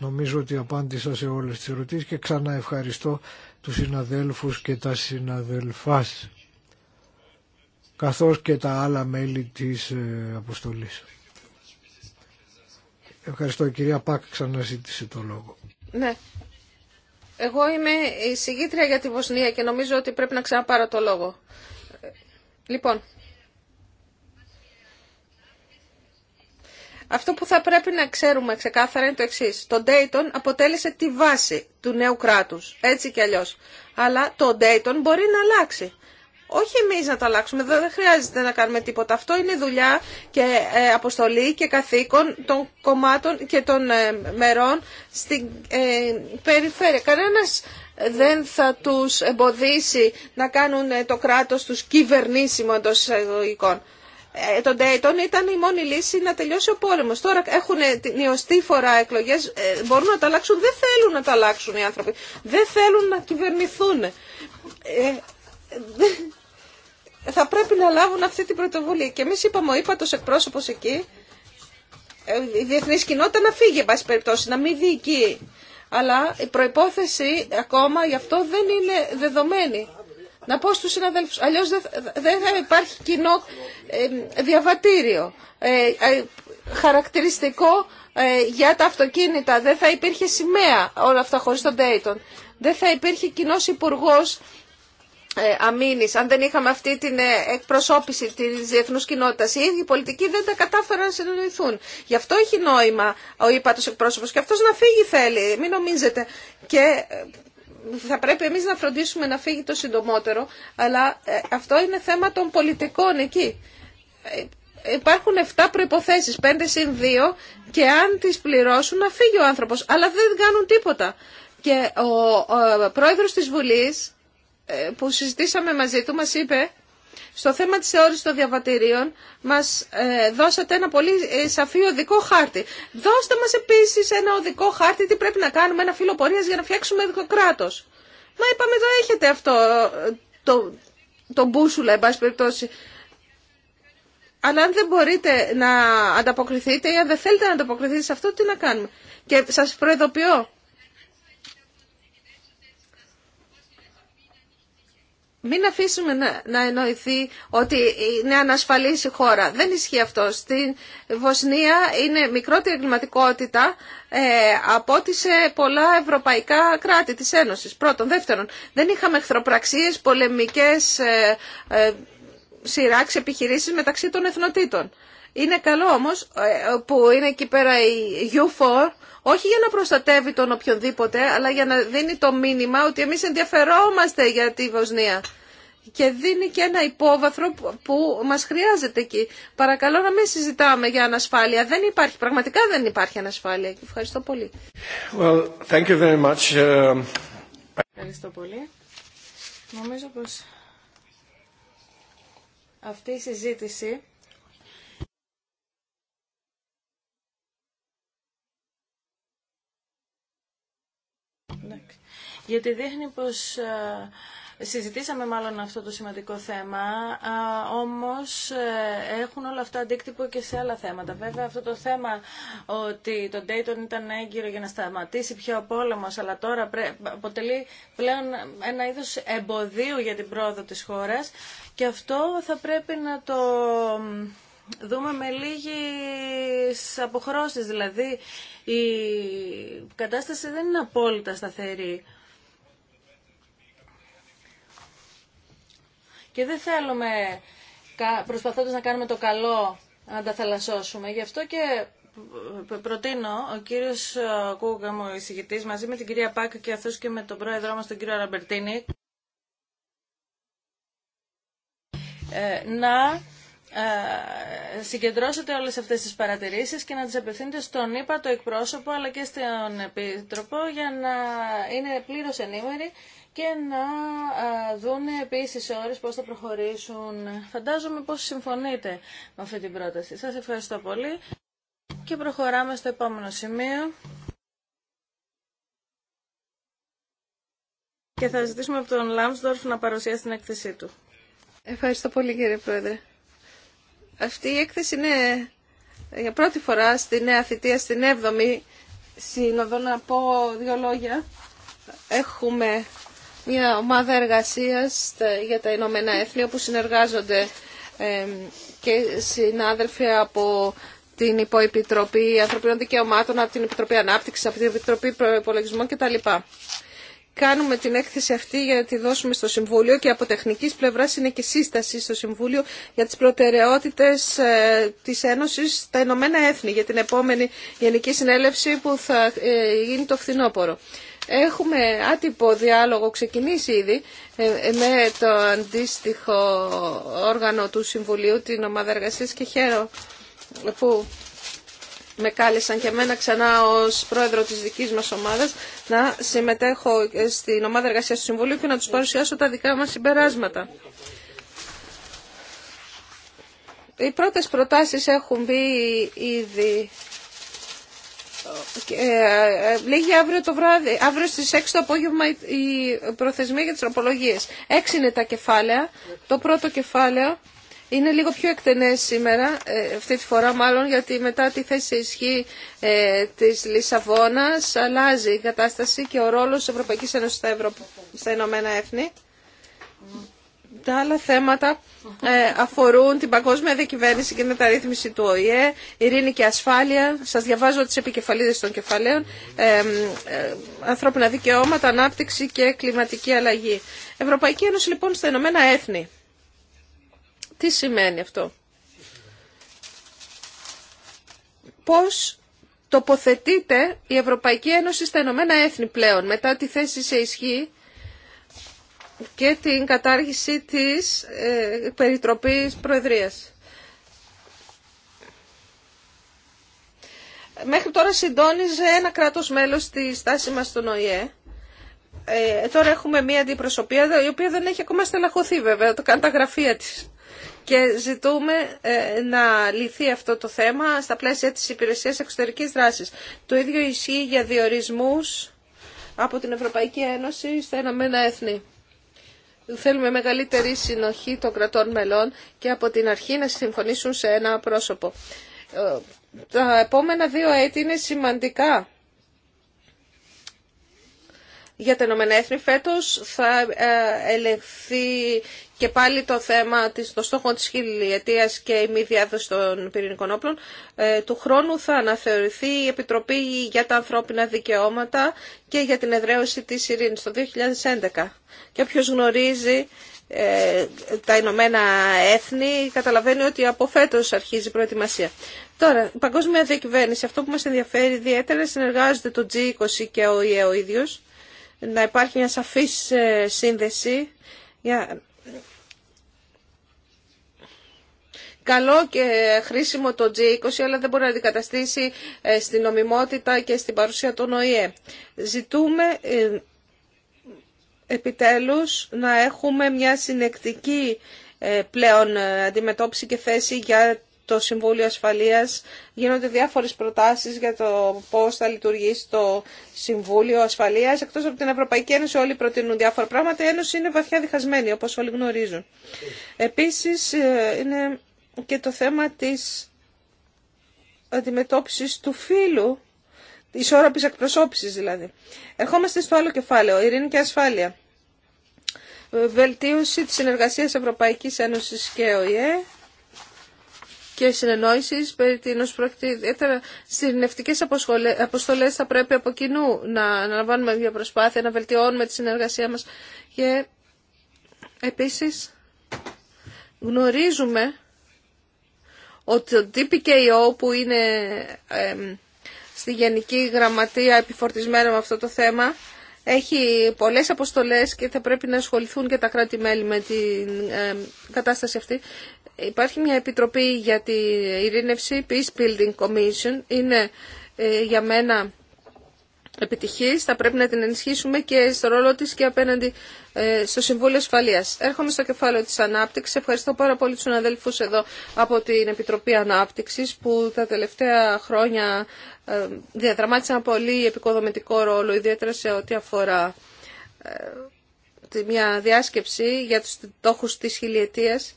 Νομίζω ότι απάντησα σε όλες τις ερωτήσεις και ξανά ευχαριστώ τους συναδέλφους και τα συναδελφάς καθώς και τα άλλα μέλη της ε, αποστολής. Ευχαριστώ. Η κυρία Πάκ ξαναζήτησε το λόγο. Ναι. Εγώ είμαι η συγγήτρια για τη Βοσνία και νομίζω ότι πρέπει να ξαναπάρω το λόγο. Λοιπόν, αυτό που θα πρέπει να ξέρουμε ξεκάθαρα είναι το εξή. Το Dayton αποτέλεσε τη βάση του νέου κράτους, έτσι κι αλλιώς. Αλλά το Dayton μπορεί να αλλάξει. Όχι εμεί να τα αλλάξουμε, δεν χρειάζεται να κάνουμε τίποτα. Αυτό είναι δουλειά και ε, αποστολή και καθήκον των κομμάτων και των ε, μερών στην ε, περιφέρεια. Κανένα δεν θα τους εμποδίσει να κάνουν το κράτος τους κυβερνήσιμο εντό εισαγωγικών. Ε, τον ήταν η μόνη λύση να τελειώσει ο πόλεμος. Τώρα έχουν νιωστή φορά εκλογές, μπορούν να τα αλλάξουν, δεν θέλουν να τα αλλάξουν οι άνθρωποι. Δεν θέλουν να κυβερνηθούν. Ε, θα πρέπει να λάβουν αυτή την πρωτοβουλία. Και εμεί είπαμε, ο ύπατο εκπρόσωπο εκεί, ε, η διεθνή κοινότητα να φύγει, εν περιπτώσει, να μην διοικεί. Αλλά η προπόθεση ακόμα γι' αυτό δεν είναι δεδομένη. Να πω στους συναδέλφους, αλλιώς δεν θα υπάρχει κοινό ε, διαβατήριο. Χαρακτηριστικό για τα αυτοκίνητα, δεν θα υπήρχε σημαία όλα αυτά χωρίς τον Dayton. Δεν θα υπήρχε κοινός υπουργός ε, αμήνης, αν δεν είχαμε αυτή την ε, εκπροσώπηση της διεθνούς κοινότητας, οι ίδιοι πολιτικοί δεν τα κατάφεραν να συνεννοηθούν. Γι' αυτό έχει νόημα ο ύπατος εκπρόσωπος και αυτός να φύγει θέλει, μην νομίζετε. Και ε, θα πρέπει εμείς να φροντίσουμε να φύγει το συντομότερο, αλλά αυτό είναι θέμα των πολιτικών εκεί. Υπάρχουν 7 προποθέσει. 5 συν 2 και αν τι πληρώσουν να φύγει ο άνθρωπο, αλλά δεν κάνουν τίποτα. Και ο, ο πρόεδρος της Βουλής ε, που συζητήσαμε μαζί του μας είπε στο θέμα της θεώρησης των διαβατηρίων μας ε, δώσατε ένα πολύ ε, σαφή οδικό χάρτη. Δώστε μας επίσης ένα οδικό χάρτη τι πρέπει να κάνουμε, ένα φύλλο πορείας για να φτιάξουμε το κράτος. Μα είπαμε εδώ έχετε αυτό το, το μπούσουλα, εν πάση περιπτώσει. Αλλά αν δεν μπορείτε να ανταποκριθείτε ή αν δεν θέλετε να ανταποκριθείτε σε αυτό, τι να κάνουμε. Και σας προειδοποιώ, μην αφήσουμε να εννοηθεί ότι είναι ανασφαλής η χώρα. Δεν ισχύει αυτό. Στη Βοσνία είναι μικρότερη εγκληματικότητα ε, από ό,τι σε πολλά ευρωπαϊκά κράτη της Ένωσης. Πρώτον. Δεύτερον, δεν είχαμε εχθροπραξίες, πολεμικές ε, ε, σειράξει επιχειρήσεις μεταξύ των εθνοτήτων. Είναι καλό όμως ε, που είναι εκεί πέρα η U4, όχι για να προστατεύει τον οποιονδήποτε, αλλά για να δίνει το μήνυμα ότι εμείς ενδιαφερόμαστε για τη Βοσνία. Και δίνει και ένα υπόβαθρο που μας χρειάζεται εκεί. Παρακαλώ να μην συζητάμε για ανασφάλεια. Δεν υπάρχει, πραγματικά δεν υπάρχει ανασφάλεια. Ευχαριστώ πολύ. Well, thank you very much. Ε, Ευχαριστώ πολύ. Νομίζω πως αυτή η συζήτηση Γιατί δείχνει πως συζητήσαμε μάλλον αυτό το σημαντικό θέμα, όμως ε, έχουν όλα αυτά αντίκτυπο και σε άλλα θέματα. Βέβαια αυτό το θέμα ότι το Dayton ήταν έγκυρο για να σταματήσει πια ο πόλεμος, αλλά τώρα αποτελεί πλέον ένα είδος εμποδίου για την πρόοδο της χώρας και αυτό θα πρέπει να το δούμε με λίγες αποχρώσεις. Δηλαδή η κατάσταση δεν είναι απόλυτα σταθερή. Και δεν θέλουμε προσπαθώντας να κάνουμε το καλό να τα θαλασσώσουμε. Γι' αυτό και προτείνω ο κύριος ε, Κούγκα μου, μαζί με την κυρία Πάκ και αυτός και με τον πρόεδρό μας, τον κύριο Ραμπερτίνη, ε, να ε, συγκεντρώσετε όλες αυτές τις παρατηρήσεις και να τις απευθύνετε στον ΙΠΑ, το εκπρόσωπο, αλλά και στον Επίτροπο για να είναι πλήρως ενήμεροι και να δούνε επίσης ώρες πώς θα προχωρήσουν. Φαντάζομαι πώς συμφωνείτε με αυτή την πρόταση. Σας ευχαριστώ πολύ και προχωράμε στο επόμενο σημείο. Και θα ζητήσουμε από τον Λάμσδορφ να παρουσιάσει την έκθεσή του. Ευχαριστώ πολύ κύριε Πρόεδρε. Αυτή η έκθεση είναι για πρώτη φορά στη νέα θητεία, στην 7η Σύνοδο, να πω δύο λόγια. Έχουμε μια ομάδα εργασίας για τα Ηνωμένα Έθνη, όπου συνεργάζονται και συνάδελφοι από την Υποεπιτροπή Ανθρωπίνων Δικαιωμάτων, από την Επιτροπή Ανάπτυξης, από την Επιτροπή Προπολογισμών κτλ κάνουμε την έκθεση αυτή για να τη δώσουμε στο Συμβούλιο και από τεχνικής πλευράς είναι και σύσταση στο Συμβούλιο για τις προτεραιότητες ε, της Ένωσης στα Ηνωμένα Έθνη για την επόμενη Γενική Συνέλευση που θα ε, γίνει το φθινόπωρο. Έχουμε άτυπο διάλογο ξεκινήσει ήδη ε, με το αντίστοιχο όργανο του Συμβουλίου, την Ομάδα Εργασίας και χαίρο που με κάλεσαν και εμένα ξανά ως πρόεδρο της δικής μας ομάδας να συμμετέχω στην ομάδα εργασίας του Συμβουλίου και να τους παρουσιάσω τα δικά μας συμπεράσματα. Οι πρώτες προτάσεις έχουν μπει ήδη ε, ε, λίγη αύριο το βράδυ, αύριο στις 6 το απόγευμα η προθεσμία για τις τροπολογίες. Έξι είναι τα κεφάλαια. Το πρώτο κεφάλαιο είναι λίγο πιο εκτενές σήμερα, ε, αυτή τη φορά μάλλον, γιατί μετά τη θέση ισχύ ε, της Λισαβόνας αλλάζει η κατάσταση και ο ρόλος της Ευρωπαϊκής Ένωσης στα, Ευρω... στα Ηνωμένα Έθνη. Τα άλλα θέματα ε, αφορούν την παγκόσμια διακυβέρνηση και μεταρρύθμιση του ΟΗΕ, ειρήνη και ασφάλεια, σας διαβάζω τις επικεφαλίδες των κεφαλαίων, ε, ανθρώπινα δικαιώματα, ανάπτυξη και κλιματική αλλαγή. Ευρωπαϊκή Ένωση λοιπόν στα Ηνωμένα Έθνη. Τι σημαίνει αυτό. Πώς τοποθετείται η Ευρωπαϊκή Ένωση στα Ηνωμένα Έθνη πλέον μετά τη θέση σε ισχύ και την κατάργηση της ε, περιτροπής Προεδρίας. Μέχρι τώρα συντόνιζε ένα κράτος μέλος τη στάση μας στον ΟΗΕ. Ε, τώρα έχουμε μία αντιπροσωπεία η οποία δεν έχει ακόμα στελαχωθεί βέβαια, το κάνει τα γραφεία της και ζητούμε ε, να λυθεί αυτό το θέμα στα πλαίσια της υπηρεσίας εξωτερικής δράσης. Το ίδιο ισχύει για διορισμούς από την Ευρωπαϊκή Ένωση στα Ηνωμένα Έθνη. Θέλουμε μεγαλύτερη συνοχή των κρατών μελών και από την αρχή να συμφωνήσουν σε ένα πρόσωπο. Ε, τα επόμενα δύο έτη είναι σημαντικά για τα Ηνωμένα Έθνη. Φέτος θα ε, ελεγχθεί και πάλι το θέμα της, στόχο στόχων της χιλιετίας και η μη διάδοση των πυρηνικών όπλων. Ε, του χρόνου θα αναθεωρηθεί η Επιτροπή για τα Ανθρώπινα Δικαιώματα και για την εδραίωση της ειρήνης το 2011. Και όποιος γνωρίζει ε, τα Ηνωμένα Έθνη καταλαβαίνει ότι από φέτος αρχίζει η προετοιμασία. Τώρα, η παγκόσμια διακυβέρνηση, αυτό που μας ενδιαφέρει ιδιαίτερα, συνεργάζεται το G20 και ο ΙΕ ίδιος να υπάρχει μια σαφής ε, σύνδεση. Για... Καλό και χρήσιμο το G20, αλλά δεν μπορεί να αντικαταστήσει ε, στην νομιμότητα και στην παρουσία των ΟΗΕ. Ζητούμε ε, επιτέλους να έχουμε μια συνεκτική πλέον αντιμετώπιση και θέση για το Συμβούλιο Ασφαλείας γίνονται διάφορες προτάσεις για το πώς θα λειτουργήσει το Συμβούλιο Ασφαλείας. Εκτός από την Ευρωπαϊκή Ένωση όλοι προτείνουν διάφορα πράγματα. Η Ένωση είναι βαθιά διχασμένη όπως όλοι γνωρίζουν. Επίσης ε, είναι και το θέμα της αντιμετώπισης του φύλου, ισόρροπης εκπροσώπησης δηλαδή. Ερχόμαστε στο άλλο κεφάλαιο, ειρήνη και ασφάλεια. Ε, βελτίωση της συνεργασίας Ευρωπαϊκής Ένωσης και ΟΗΕ και συνεννόηση περί την πρόκειται ιδιαίτερα αποστολές θα πρέπει από κοινού να αναλαμβάνουμε μια προσπάθεια, να βελτιώνουμε τη συνεργασία μας και επίσης γνωρίζουμε ότι το DPKO που είναι στη Γενική Γραμματεία επιφορτισμένο με αυτό το θέμα έχει πολλές αποστολές και θα πρέπει να ασχοληθούν και τα κράτη-μέλη με την κατάσταση αυτή. Υπάρχει μια επιτροπή για τη ειρήνευση, Peace Building Commission. Είναι ε, για μένα επιτυχής, θα πρέπει να την ενισχύσουμε και στο ρόλο της και απέναντι ε, στο Συμβούλιο Ασφαλείας. Έρχομαι στο κεφάλαιο της ανάπτυξης. Ευχαριστώ πάρα πολύ τους αδέλφους εδώ από την Επιτροπή Ανάπτυξης που τα τελευταία χρόνια ε, διαδραμάτισαν πολύ επικοδομητικό ρόλο, ιδιαίτερα σε ό,τι αφορά μια διάσκεψη για τους στόχους της χιλιετίας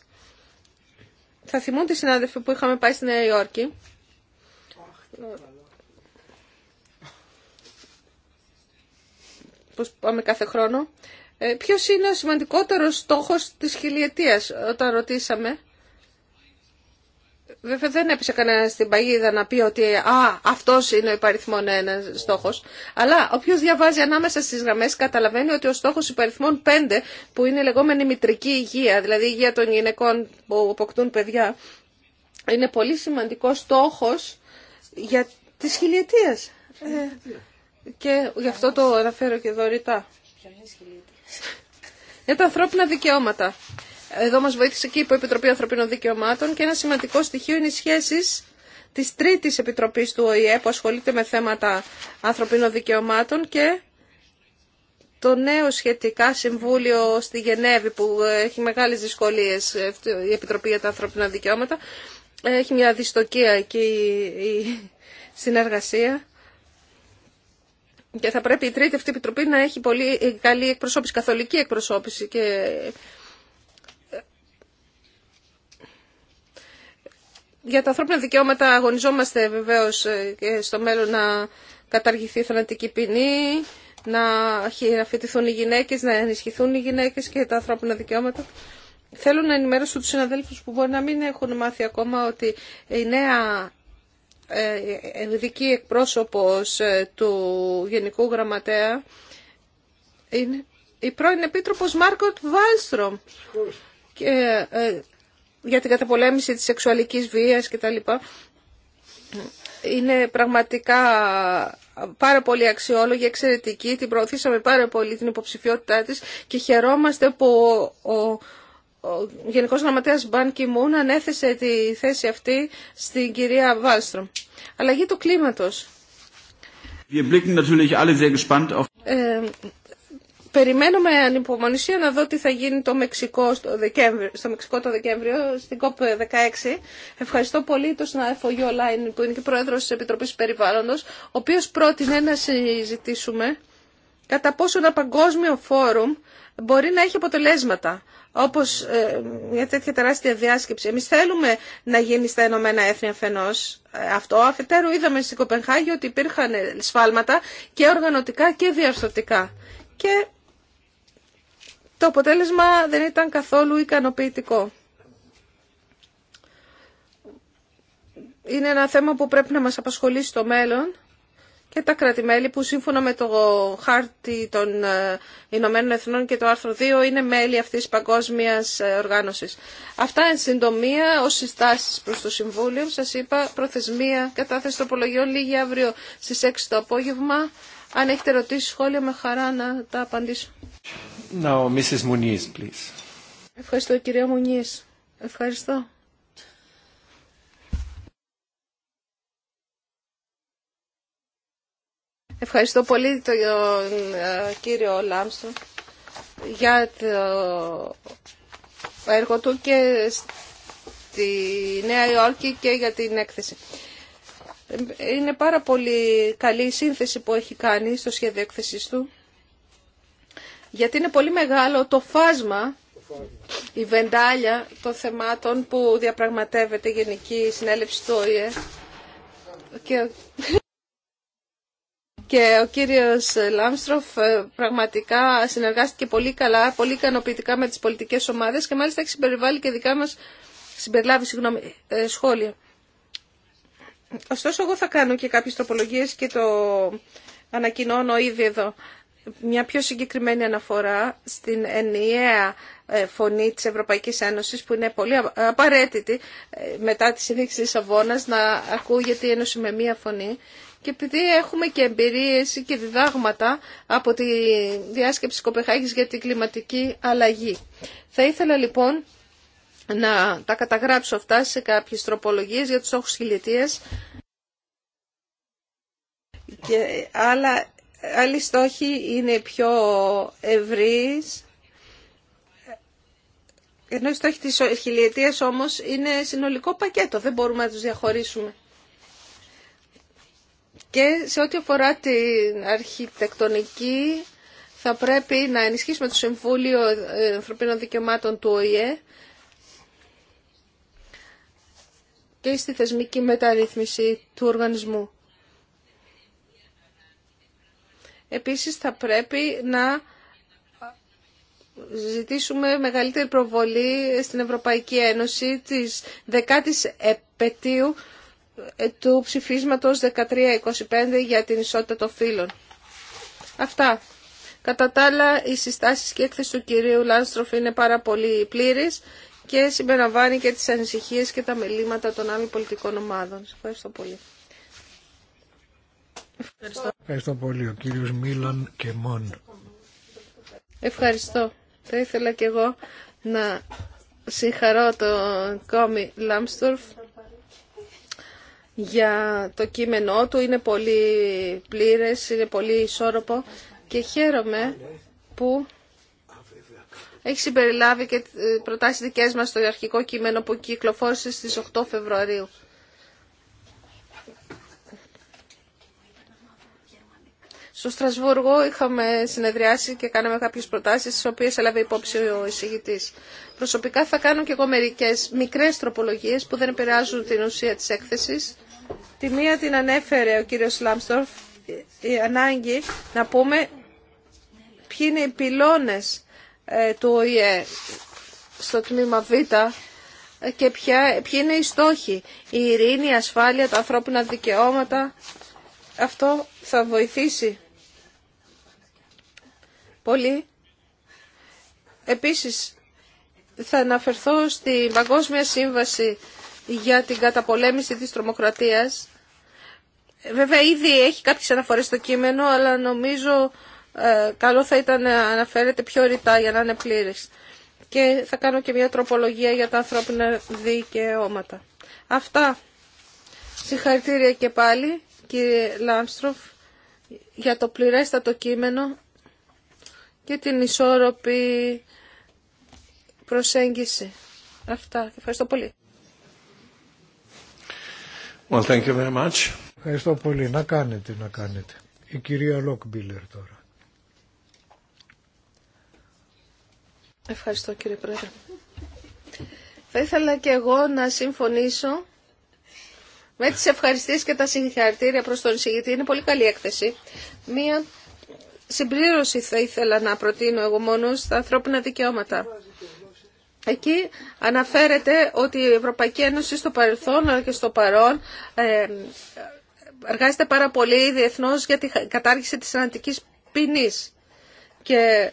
θα θυμούν τη συνάδελφοι που είχαμε πάει στη Νέα Υόρκη. Πώς πάμε κάθε χρόνο. Ε, ποιος είναι ο σημαντικότερος στόχος της χιλιετίας όταν ρωτήσαμε. Βέβαια δεν έπεσε κανένα στην παγίδα να πει ότι α, αυτός είναι ο υπαριθμόν ένα στόχος. Αλλά όποιο διαβάζει ανάμεσα στις γραμμές καταλαβαίνει ότι ο στόχος υπαριθμών 5 που είναι η λεγόμενη μητρική υγεία, δηλαδή η υγεία των γυναικών που αποκτούν παιδιά, είναι πολύ σημαντικός στόχος για τις χιλιετίες. Ε, και γι' αυτό το αναφέρω και εδώ Για τα ανθρώπινα δικαιώματα. Εδώ μας βοήθησε και η Επιτροπή Ανθρωπίνων Δικαιωμάτων και ένα σημαντικό στοιχείο είναι οι σχέσεις της τρίτης επιτροπής του ΟΗΕ που ασχολείται με θέματα ανθρωπίνων δικαιωμάτων και το νέο σχετικά συμβούλιο στη Γενέβη που έχει μεγάλες δυσκολίες η Επιτροπή για τα Ανθρώπινα Δικαιώματα. Έχει μια δυστοκία εκεί η συνεργασία. Και θα πρέπει η τρίτη αυτή επιτροπή να έχει πολύ καλή εκπροσώπηση, καθολική εκπροσώπηση και Για τα ανθρώπινα δικαιώματα αγωνιζόμαστε βεβαίως ε, και στο μέλλον να καταργηθεί η θανατική ποινή, να χειραφετηθούν οι γυναίκες, να ενισχυθούν οι γυναίκες και τα ανθρώπινα δικαιώματα. Θέλω να ενημέρωσω τους συναδέλφους που μπορεί να μην έχουν μάθει ακόμα ότι η νέα ε, ειδική εκπρόσωπος ε, του Γενικού Γραμματέα είναι η πρώην Επίτροπος Μάρκοτ Βάλστρομ. Και για την καταπολέμηση της σεξουαλικής βίας κτλ. Είναι πραγματικά πάρα πολύ αξιόλογη, εξαιρετική. Την προωθήσαμε πάρα πολύ την υποψηφιότητά της και χαιρόμαστε που ο, ο, Γενικός Γραμματέας Μπαν Κιμούν ανέθεσε τη θέση αυτή στην κυρία Βάλστρομ. Αλλαγή του κλίματος. Ε, Περιμένουμε ανυπομονησία να δω τι θα γίνει το Μεξικό στο, Δεκέμβριο, στο Μεξικό το Δεκέμβριο, στην COP16. Ευχαριστώ πολύ τον συνάδελφο Γιώ Λάιν, που είναι και πρόεδρο τη Επιτροπή Περιβάλλοντος, ο οποίο πρότεινε να συζητήσουμε κατά πόσο ένα παγκόσμιο φόρουμ μπορεί να έχει αποτελέσματα, Όπω ε, μια τέτοια τεράστια διάσκεψη. εμεί θέλουμε να γίνει στα Ηνωμένα Έθνη ε, αυτό. Αφετέρου είδαμε στην Κοπενχάγη ότι υπήρχαν σφάλματα και οργανωτικά και διαρθωτικά. Και το αποτέλεσμα δεν ήταν καθόλου ικανοποιητικό. Είναι ένα θέμα που πρέπει να μας απασχολήσει στο μέλλον και τα κράτη-μέλη που σύμφωνα με το χάρτη των ε, Ηνωμένων Εθνών και το άρθρο 2 είναι μέλη αυτής της παγκόσμιας ε, οργάνωσης. Αυτά εν συντομία ως συστάσεις προς το Συμβούλιο. Σας είπα προθεσμία κατάθεση τροπολογιών λίγη αύριο στις 6 το απόγευμα. Αν έχετε ρωτήσει σχόλια με χαρά να τα απαντήσω. Ευχαριστώ κυρία Ευχαριστώ. Ευχαριστώ πολύ τον ε, κύριο Λάμστον για το έργο του και στη Νέα Υόρκη και για την έκθεση. Είναι πάρα πολύ καλή η σύνθεση που έχει κάνει στο σχέδιο έκθεσης του γιατί είναι πολύ μεγάλο το φάσμα, η βεντάλια των θεμάτων που διαπραγματεύεται η Γενική Συνέλευση του ΟΗΕ. Και... Και ο κύριος Λάμστροφ ε, πραγματικά συνεργάστηκε πολύ καλά, πολύ ικανοποιητικά με τις πολιτικές ομάδες και μάλιστα έχει συμπεριβάλει και δικά μας συμπεριλάβει ε, σχόλια. Ωστόσο, εγώ θα κάνω και κάποιες τροπολογίες και το ανακοινώνω ήδη εδώ μια πιο συγκεκριμένη αναφορά στην ενιαία ε, φωνή της Ευρωπαϊκής Ένωσης που είναι πολύ απαραίτητη ε, μετά τη συνήθιση της Αβώνας να ακούγεται η Ένωση με μία φωνή και επειδή έχουμε και εμπειρίες και διδάγματα από τη διάσκεψη Κοπεχάγης για την κλιματική αλλαγή. Θα ήθελα λοιπόν να τα καταγράψω αυτά σε κάποιες τροπολογίες για τους όχους άλλα Άλλοι στόχοι είναι πιο ευρύς, ενώ οι στόχοι της χιλιετίας όμως είναι συνολικό πακέτο, δεν μπορούμε να τους διαχωρίσουμε. Και σε ό,τι αφορά την αρχιτεκτονική θα πρέπει να ενισχύσουμε το Συμβούλιο Ανθρωπίνων Δικαιωμάτων του ΟΗΕ και στη θεσμική μεταρρύθμιση του οργανισμού. Επίσης θα πρέπει να ζητήσουμε μεγαλύτερη προβολή στην Ευρωπαϊκή Ένωση της δεκάτης επαιτίου ε, του ψηφίσματος 1325 για την ισότητα των φύλων. Αυτά. Κατά τα άλλα, οι συστάσεις και έκθεση του κυρίου Λάνστροφ είναι πάρα πολύ πλήρης και συμπεριλαμβάνει και τις ανησυχίες και τα μελήματα των άλλων πολιτικών ομάδων. Σας ευχαριστώ πολύ. Ευχαριστώ. Ευχαριστώ πολύ. Ο κύριος Μίλαν και Μόν. Ευχαριστώ. Θα ήθελα και εγώ να συγχαρώ τον Κόμι Λάμστορφ για το κείμενό του. Είναι πολύ πλήρες, είναι πολύ ισόρροπο και χαίρομαι που έχει συμπεριλάβει και ε, προτάσεις δικές μας στο αρχικό κείμενο που κυκλοφόρησε στις 8 Φεβρουαρίου. Στο Στρασβούργο είχαμε συνεδριάσει και κάναμε κάποιες προτάσεις τις οποίες έλαβε υπόψη ο εισηγητής. Προσωπικά θα κάνω και εγώ μερικές μικρές τροπολογίες που δεν επηρεάζουν την ουσία της έκθεσης. Τη μία την ανέφερε ο κύριος Λάμστορφ, η ανάγκη να πούμε ποιοι είναι οι πυλώνες ε, του ΟΗΕ στο τμήμα Β ε, και ποια, ποιοι είναι οι στόχοι. Η ειρήνη, η ασφάλεια, τα ανθρώπινα δικαιώματα. Αυτό θα βοηθήσει πολύ. Επίσης, θα αναφερθώ στην Παγκόσμια Σύμβαση για την καταπολέμηση της τρομοκρατίας. Βέβαια, ήδη έχει κάποιες αναφορές στο κείμενο, αλλά νομίζω ε, καλό θα ήταν να αναφέρεται πιο ρητά για να είναι πλήρης. Και θα κάνω και μια τροπολογία για τα ανθρώπινα δικαιώματα. Αυτά. Συγχαρητήρια και πάλι, κύριε Λάμστροφ, για το πληρέστατο κείμενο και την ισόρροπη προσέγγιση. Αυτά. Ευχαριστώ πολύ. Ευχαριστώ πολύ. Να κάνετε, να κάνετε. Η κυρία Λόκμπιλερ τώρα. Ευχαριστώ κύριε Πρόεδρε. Θα ήθελα και εγώ να συμφωνήσω με τις ευχαριστίες και τα συγχαρητήρια προς τον εισηγητή. Είναι πολύ καλή έκθεση. Μία συμπλήρωση θα ήθελα να προτείνω εγώ μόνο στα ανθρώπινα δικαιώματα. Εκεί αναφέρεται ότι η Ευρωπαϊκή Ένωση στο παρελθόν αλλά και στο παρόν ε, εργάζεται πάρα πολύ διεθνώς για την κατάργηση της θενατική ποινής. Και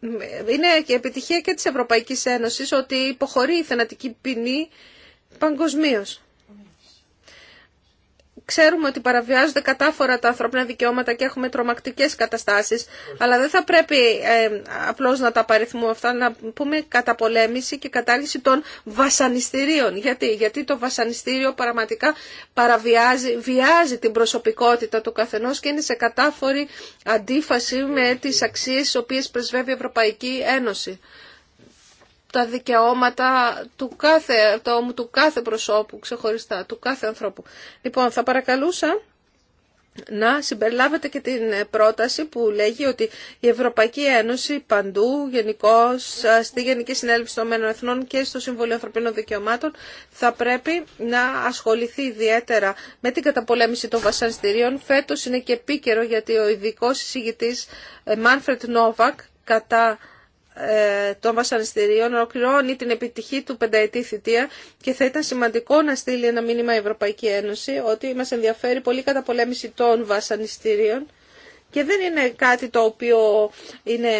ε, είναι και επιτυχία και της Ευρωπαϊκής Ένωσης ότι υποχωρεί η θενατική ποινή παγκοσμίω. Ξέρουμε ότι παραβιάζονται κατάφορα τα ανθρώπινα δικαιώματα και έχουμε τρομακτικές καταστάσεις, αλλά δεν θα πρέπει ε, απλώς να τα παριθμούμε αυτά, να πούμε καταπολέμηση και κατάργηση των βασανιστήριων. Γιατί, Γιατί το βασανιστήριο πραγματικά παραβιάζει, βιάζει την προσωπικότητα του καθενός και είναι σε κατάφορη αντίφαση με τις αξίες τις οποίες πρεσβεύει η Ευρωπαϊκή Ένωση τα δικαιώματα του κάθε του κάθε προσώπου ξεχωριστά, του κάθε ανθρώπου. Λοιπόν, θα παρακαλούσα να συμπεριλάβετε και την πρόταση που λέγει ότι η Ευρωπαϊκή Ένωση παντού, γενικώ ε, στη Γενική Συνέλευση των Μένων Εθνών και στο Συμβούλιο Ανθρωπίνων Δικαιωμάτων θα πρέπει να ασχοληθεί ιδιαίτερα με την καταπολέμηση των βασανιστήριων. Φέτος είναι και επίκαιρο γιατί ο ειδικό εισηγητής ε, Μάνφρετ Νόβακ κατά ε, των βασανιστήριων ολοκληρώνει την επιτυχή του πενταετή θητεία και θα ήταν σημαντικό να στείλει ένα μήνυμα η Ευρωπαϊκή Ένωση ότι μας ενδιαφέρει πολύ κατά πολέμηση των βασανιστήριων και δεν είναι κάτι το οποίο είναι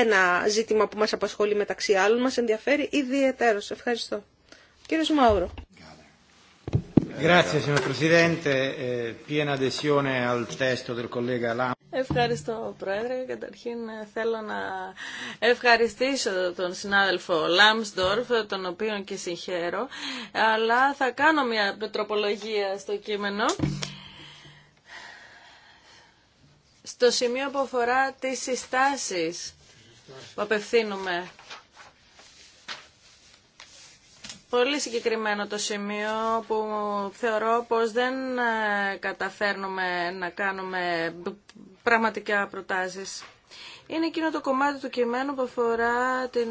ένα ζήτημα που μας απασχολεί μεταξύ άλλων, μας ενδιαφέρει Σε Ευχαριστώ. Κύριος Μαύρο. Ευχαριστώ Πρόεδρε. Καταρχήν ε, θέλω να ευχαριστήσω τον συνάδελφο Λάμσντορφ, τον οποίον και συγχαίρω, αλλά θα κάνω μια πετροπολογία στο κείμενο. Στο σημείο που αφορά τις συστάσεις που απευθύνουμε Πολύ συγκεκριμένο το σημείο που θεωρώ πως δεν ε, καταφέρνουμε να κάνουμε πραγματικά προτάσεις. Είναι εκείνο το κομμάτι του κειμένου που αφορά την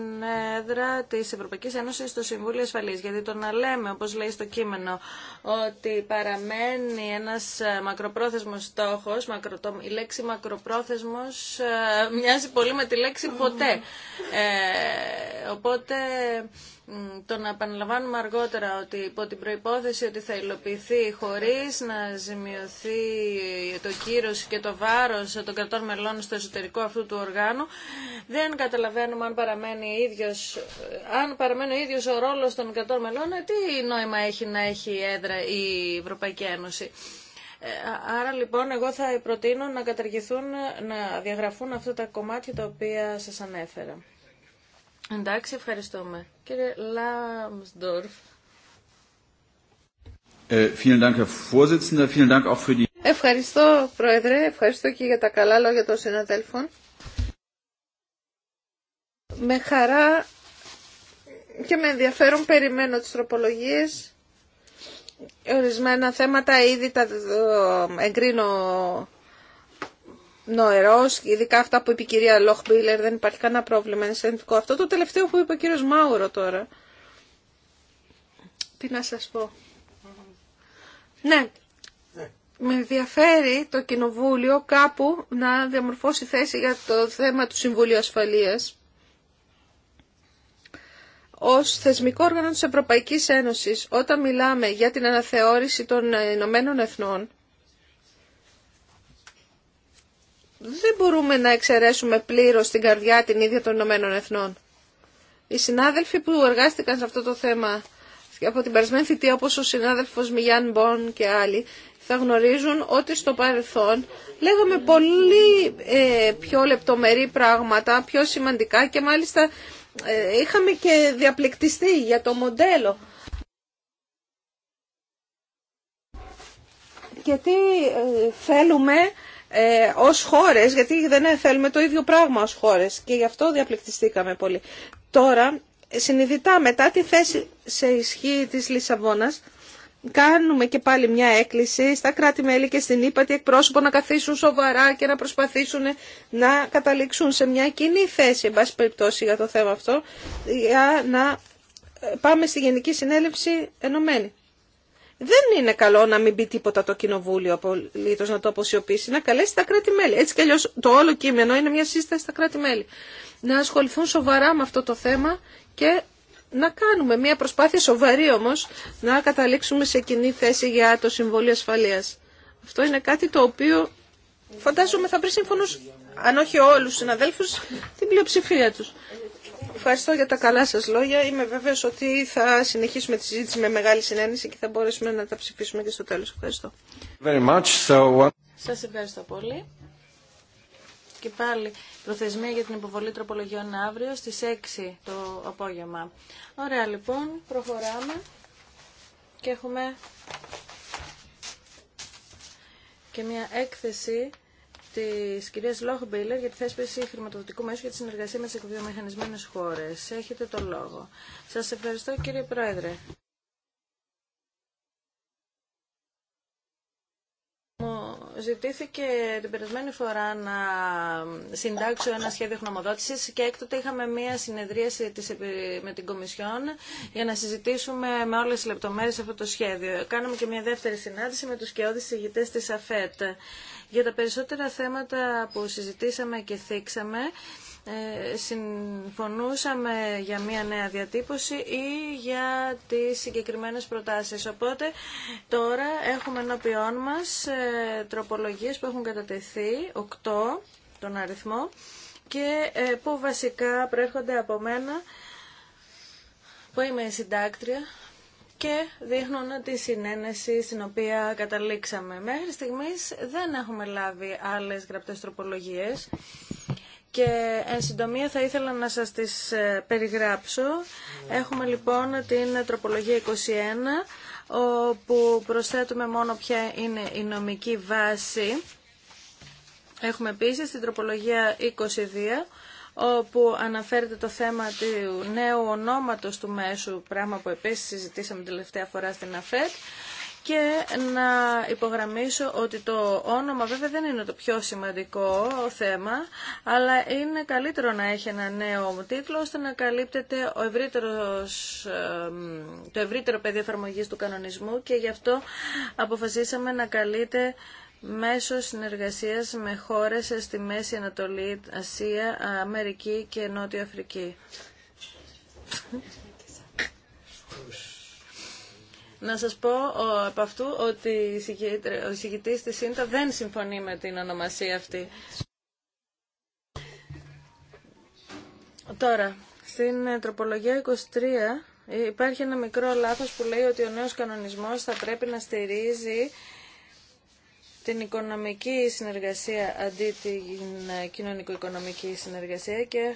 έδρα της Ευρωπαϊκής Ένωσης στο Συμβούλιο Ασφαλής. Γιατί το να λέμε, όπω λέει στο κείμενο, ότι παραμένει ένα ε, μακροπρόθεσμος στόχο, η λέξη μακροπρόθεσμος ε, μοιάζει πολύ με τη λέξη ποτέ. Ε, οπότε το να επαναλαμβάνουμε αργότερα ότι υπό την προϋπόθεση ότι θα υλοποιηθεί χωρίς να ζημιωθεί το κύρος και το βάρος των κρατών μελών στο εσωτερικό αυτού του οργάνου δεν καταλαβαίνουμε αν παραμένει ίδιος, αν παραμένει ο ίδιος ο ρόλος των κρατών μελών ε, τι νόημα έχει να έχει έδρα η Ευρωπαϊκή Ένωση. Ε, άρα λοιπόν εγώ θα προτείνω να καταργηθούν, να διαγραφούν αυτά τα κομμάτια τα οποία σας ανέφερα. Εντάξει, ευχαριστούμε. Κύριε Λάμσντορφ. Ε, Ευχαριστώ, Πρόεδρε. Ευχαριστώ και για τα καλά λόγια των συναδέλφων. Με χαρά και με ενδιαφέρον περιμένω τις τροπολογίες. Ορισμένα θέματα ήδη τα ε, εγκρίνω νοερός, ειδικά αυτά που είπε η κυρία Λόχμπίλερ, δεν υπάρχει κανένα πρόβλημα, είναι Αυτό το τελευταίο που είπε ο κύριο Μάουρο τώρα. Τι να σα πω. Ναι, με ενδιαφέρει το Κοινοβούλιο κάπου να διαμορφώσει θέση για το θέμα του Συμβουλίου Ασφαλείας ως θεσμικό όργανο της Ευρωπαϊκής Ένωσης όταν μιλάμε για την αναθεώρηση των Ηνωμένων Εθνών δεν μπορούμε να εξαιρέσουμε πλήρως την καρδιά την ίδια των Ηνωμένων Εθνών. Οι συνάδελφοι που εργάστηκαν σε αυτό το θέμα και από την περασμένη θητεία όπως ο συνάδελφος Μιγιάν Μπον και άλλοι θα γνωρίζουν ότι στο παρελθόν λέγαμε πολύ ε, πιο λεπτομερή πράγματα, πιο σημαντικά και μάλιστα ε, είχαμε και διαπληκτιστεί για το μοντέλο. Γιατί ε, θέλουμε ε, ως χώρες, γιατί δεν θέλουμε το ίδιο πράγμα ως χώρες και γι' αυτό διαπληκτιστήκαμε πολύ. Τώρα, συνειδητά μετά τη θέση σε ισχύ της Λισαβόνας, κάνουμε και πάλι μια έκκληση στα κράτη-μέλη και στην ύπατη εκπρόσωπο να καθίσουν σοβαρά και να προσπαθήσουν να καταλήξουν σε μια κοινή θέση, εν περιπτώσει, για το θέμα αυτό, για να ε, πάμε στη Γενική Συνέλευση ενωμένη. Δεν είναι καλό να μην μπει τίποτα το κοινοβούλιο απολύτω να το αποσιωπήσει, να καλέσει τα κράτη-μέλη. Έτσι κι αλλιώ το όλο κείμενο είναι μια σύσταση στα κράτη-μέλη. Να ασχοληθούν σοβαρά με αυτό το θέμα και να κάνουμε μια προσπάθεια σοβαρή όμω να καταλήξουμε σε κοινή θέση για το Συμβόλιο Ασφαλεία. Αυτό είναι κάτι το οποίο φαντάζομαι θα βρει σύμφωνο, αν όχι όλου του συναδέλφου, την πλειοψηφία του. Ευχαριστώ για τα καλά σας λόγια. Είμαι βέβαιος ότι θα συνεχίσουμε τη συζήτηση με μεγάλη συνένεση και θα μπορέσουμε να τα ψηφίσουμε και στο τέλος. Ευχαριστώ. Very much. So... Uh, σας ευχαριστώ πολύ. Και πάλι προθεσμία για την υποβολή τροπολογιών αύριο στις 6 το απόγευμα. Ωραία λοιπόν, προχωράμε και έχουμε και μια έκθεση της κυρίας Λόχμπιλερ για τη θέσπιση χρηματοδοτικού μέσου για τη συνεργασία με τι εκβιομηχανισμένε χώρες. Έχετε το λόγο. Σας ευχαριστώ κύριε Πρόεδρε. ζητήθηκε την περασμένη φορά να συντάξω ένα σχέδιο χνομοδότησης και έκτοτε είχαμε μία συνεδρίαση με την Κομισιόν για να συζητήσουμε με όλες τις λεπτομέρειες αυτό το σχέδιο. Κάναμε και μία δεύτερη συνάντηση με τους σκιώδεις ηγητές της ΑΦΕΤ. Για τα περισσότερα θέματα που συζητήσαμε και θίξαμε, ε, συμφωνούσαμε για μια νέα διατύπωση ή για τις συγκεκριμένες προτάσεις. Οπότε τώρα έχουμε ενώπιόν μας ε, τροπολογίες που έχουν κατατεθεί, 8 τον αριθμό, και ε, που βασικά προέρχονται από μένα που είμαι η συντάκτρια και δείχνουν τη συνένεση στην οποία καταλήξαμε. Μέχρι στιγμής δεν έχουμε λάβει άλλες γραπτές τροπολογίες και εν συντομία θα ήθελα να σας τις ε, περιγράψω. Έχουμε λοιπόν την τροπολογία 21 όπου προσθέτουμε μόνο ποια είναι η νομική βάση. Έχουμε επίσης την τροπολογία 22 όπου αναφέρεται το θέμα του νέου ονόματος του μέσου, πράγμα που επίσης συζητήσαμε τελευταία φορά στην ΑΦΕΤ. Και να υπογραμμίσω ότι το όνομα βέβαια δεν είναι το πιο σημαντικό θέμα, αλλά είναι καλύτερο να έχει ένα νέο τίτλο ώστε να καλύπτεται ο ευρύτερος, το ευρύτερο πεδίο εφαρμογή του κανονισμού και γι' αυτό αποφασίσαμε να καλείται μέσω συνεργασίας με χώρες στη Μέση Ανατολή, Ασία, Αμερική και Νότια Αφρική. Να σα πω από αυτού ότι ο εισηγητής τη ΣΥΝΤΑ δεν συμφωνεί με την ονομασία αυτή. Τώρα, στην ε, τροπολογία 23... Ε, υπάρχει ένα μικρό λάθος που λέει ότι ο νέος κανονισμός θα πρέπει να στηρίζει την οικονομική συνεργασία αντί την ε, κοινωνικο-οικονομική συνεργασία και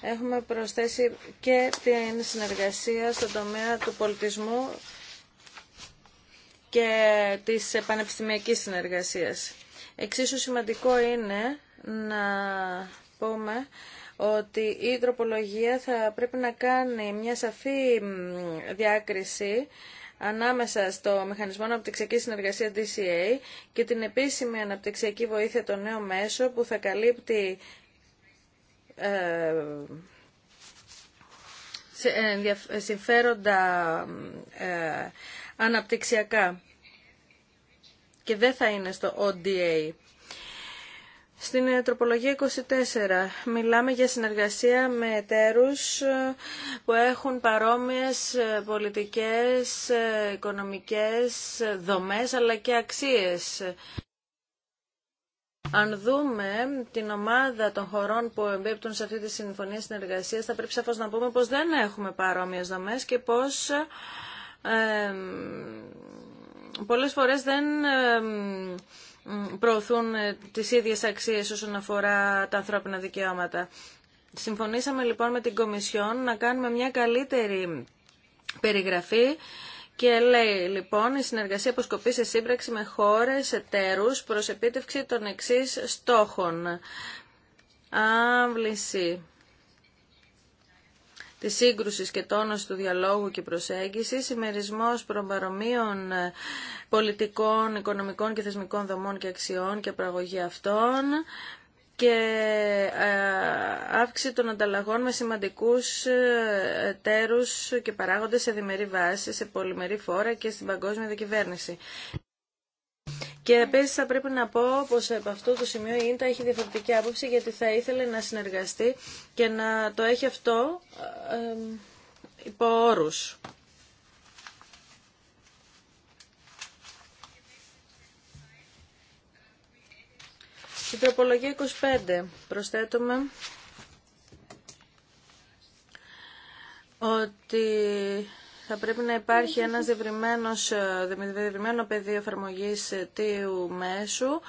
έχουμε προσθέσει και την συνεργασία στον τομέα του πολιτισμού και της πανεπιστημιακής συνεργασίας. Εξίσου σημαντικό είναι να πούμε ότι η τροπολογία θα πρέπει να κάνει μια σαφή διάκριση ανάμεσα στο Μηχανισμό Αναπτυξιακή Συνεργασία DCA και την επίσημη αναπτυξιακή βοήθεια το νέο μέσο που θα καλύπτει ε, ε, ε, συμφέροντα αναπτυξιακά και δεν θα είναι στο ODA. Στην ε, τροπολογία 24 μιλάμε για συνεργασία με εταίρους ε, που έχουν παρόμοιες ε, πολιτικές, οικονομικές δομές αλλά και αξίες. Αν δούμε την ομάδα των χωρών που εμπίπτουν σε αυτή τη συμφωνία συνεργασίας θα πρέπει σαφώς να πούμε πως δεν έχουμε παρόμοιες δομές και πως πολλές φορές δεν προωθούν ε, τις ίδιες αξίες όσον αφορά τα ανθρώπινα δικαιώματα. Συμφωνήσαμε λοιπόν με την Κομισιόν να κάνουμε μια καλύτερη περιγραφή και λέει λοιπόν η συνεργασία αποσκοπεί σε σύμπραξη με χώρες εταίρους προς επίτευξη των εξής στόχων. Άμβληση της σύγκρουσης και τόνος του διαλόγου και προσέγγισης, ημερισμός προμπαρομείων ε, πολιτικών, οικονομικών και θεσμικών δομών και αξιών και προαγωγή αυτών, και ε, αύξηση των ανταλλαγών με σημαντικούς ε, τέρους και παράγοντες σε διμερή βάση, σε πολυμερή φόρα και στην παγκόσμια διακυβέρνηση. Και επίση θα πρέπει να πω πω από αυτό το σημείο η ΙΝΤΑ έχει διαφορετική άποψη γιατί θα ήθελε να συνεργαστεί και να το έχει αυτό ε, υπό όρου. Στην τροπολογία 25 προσθέτουμε ότι θα πρέπει να υπάρχει ένα διευρυμένο ε, πεδίο εφαρμογή ε, τίου μέσου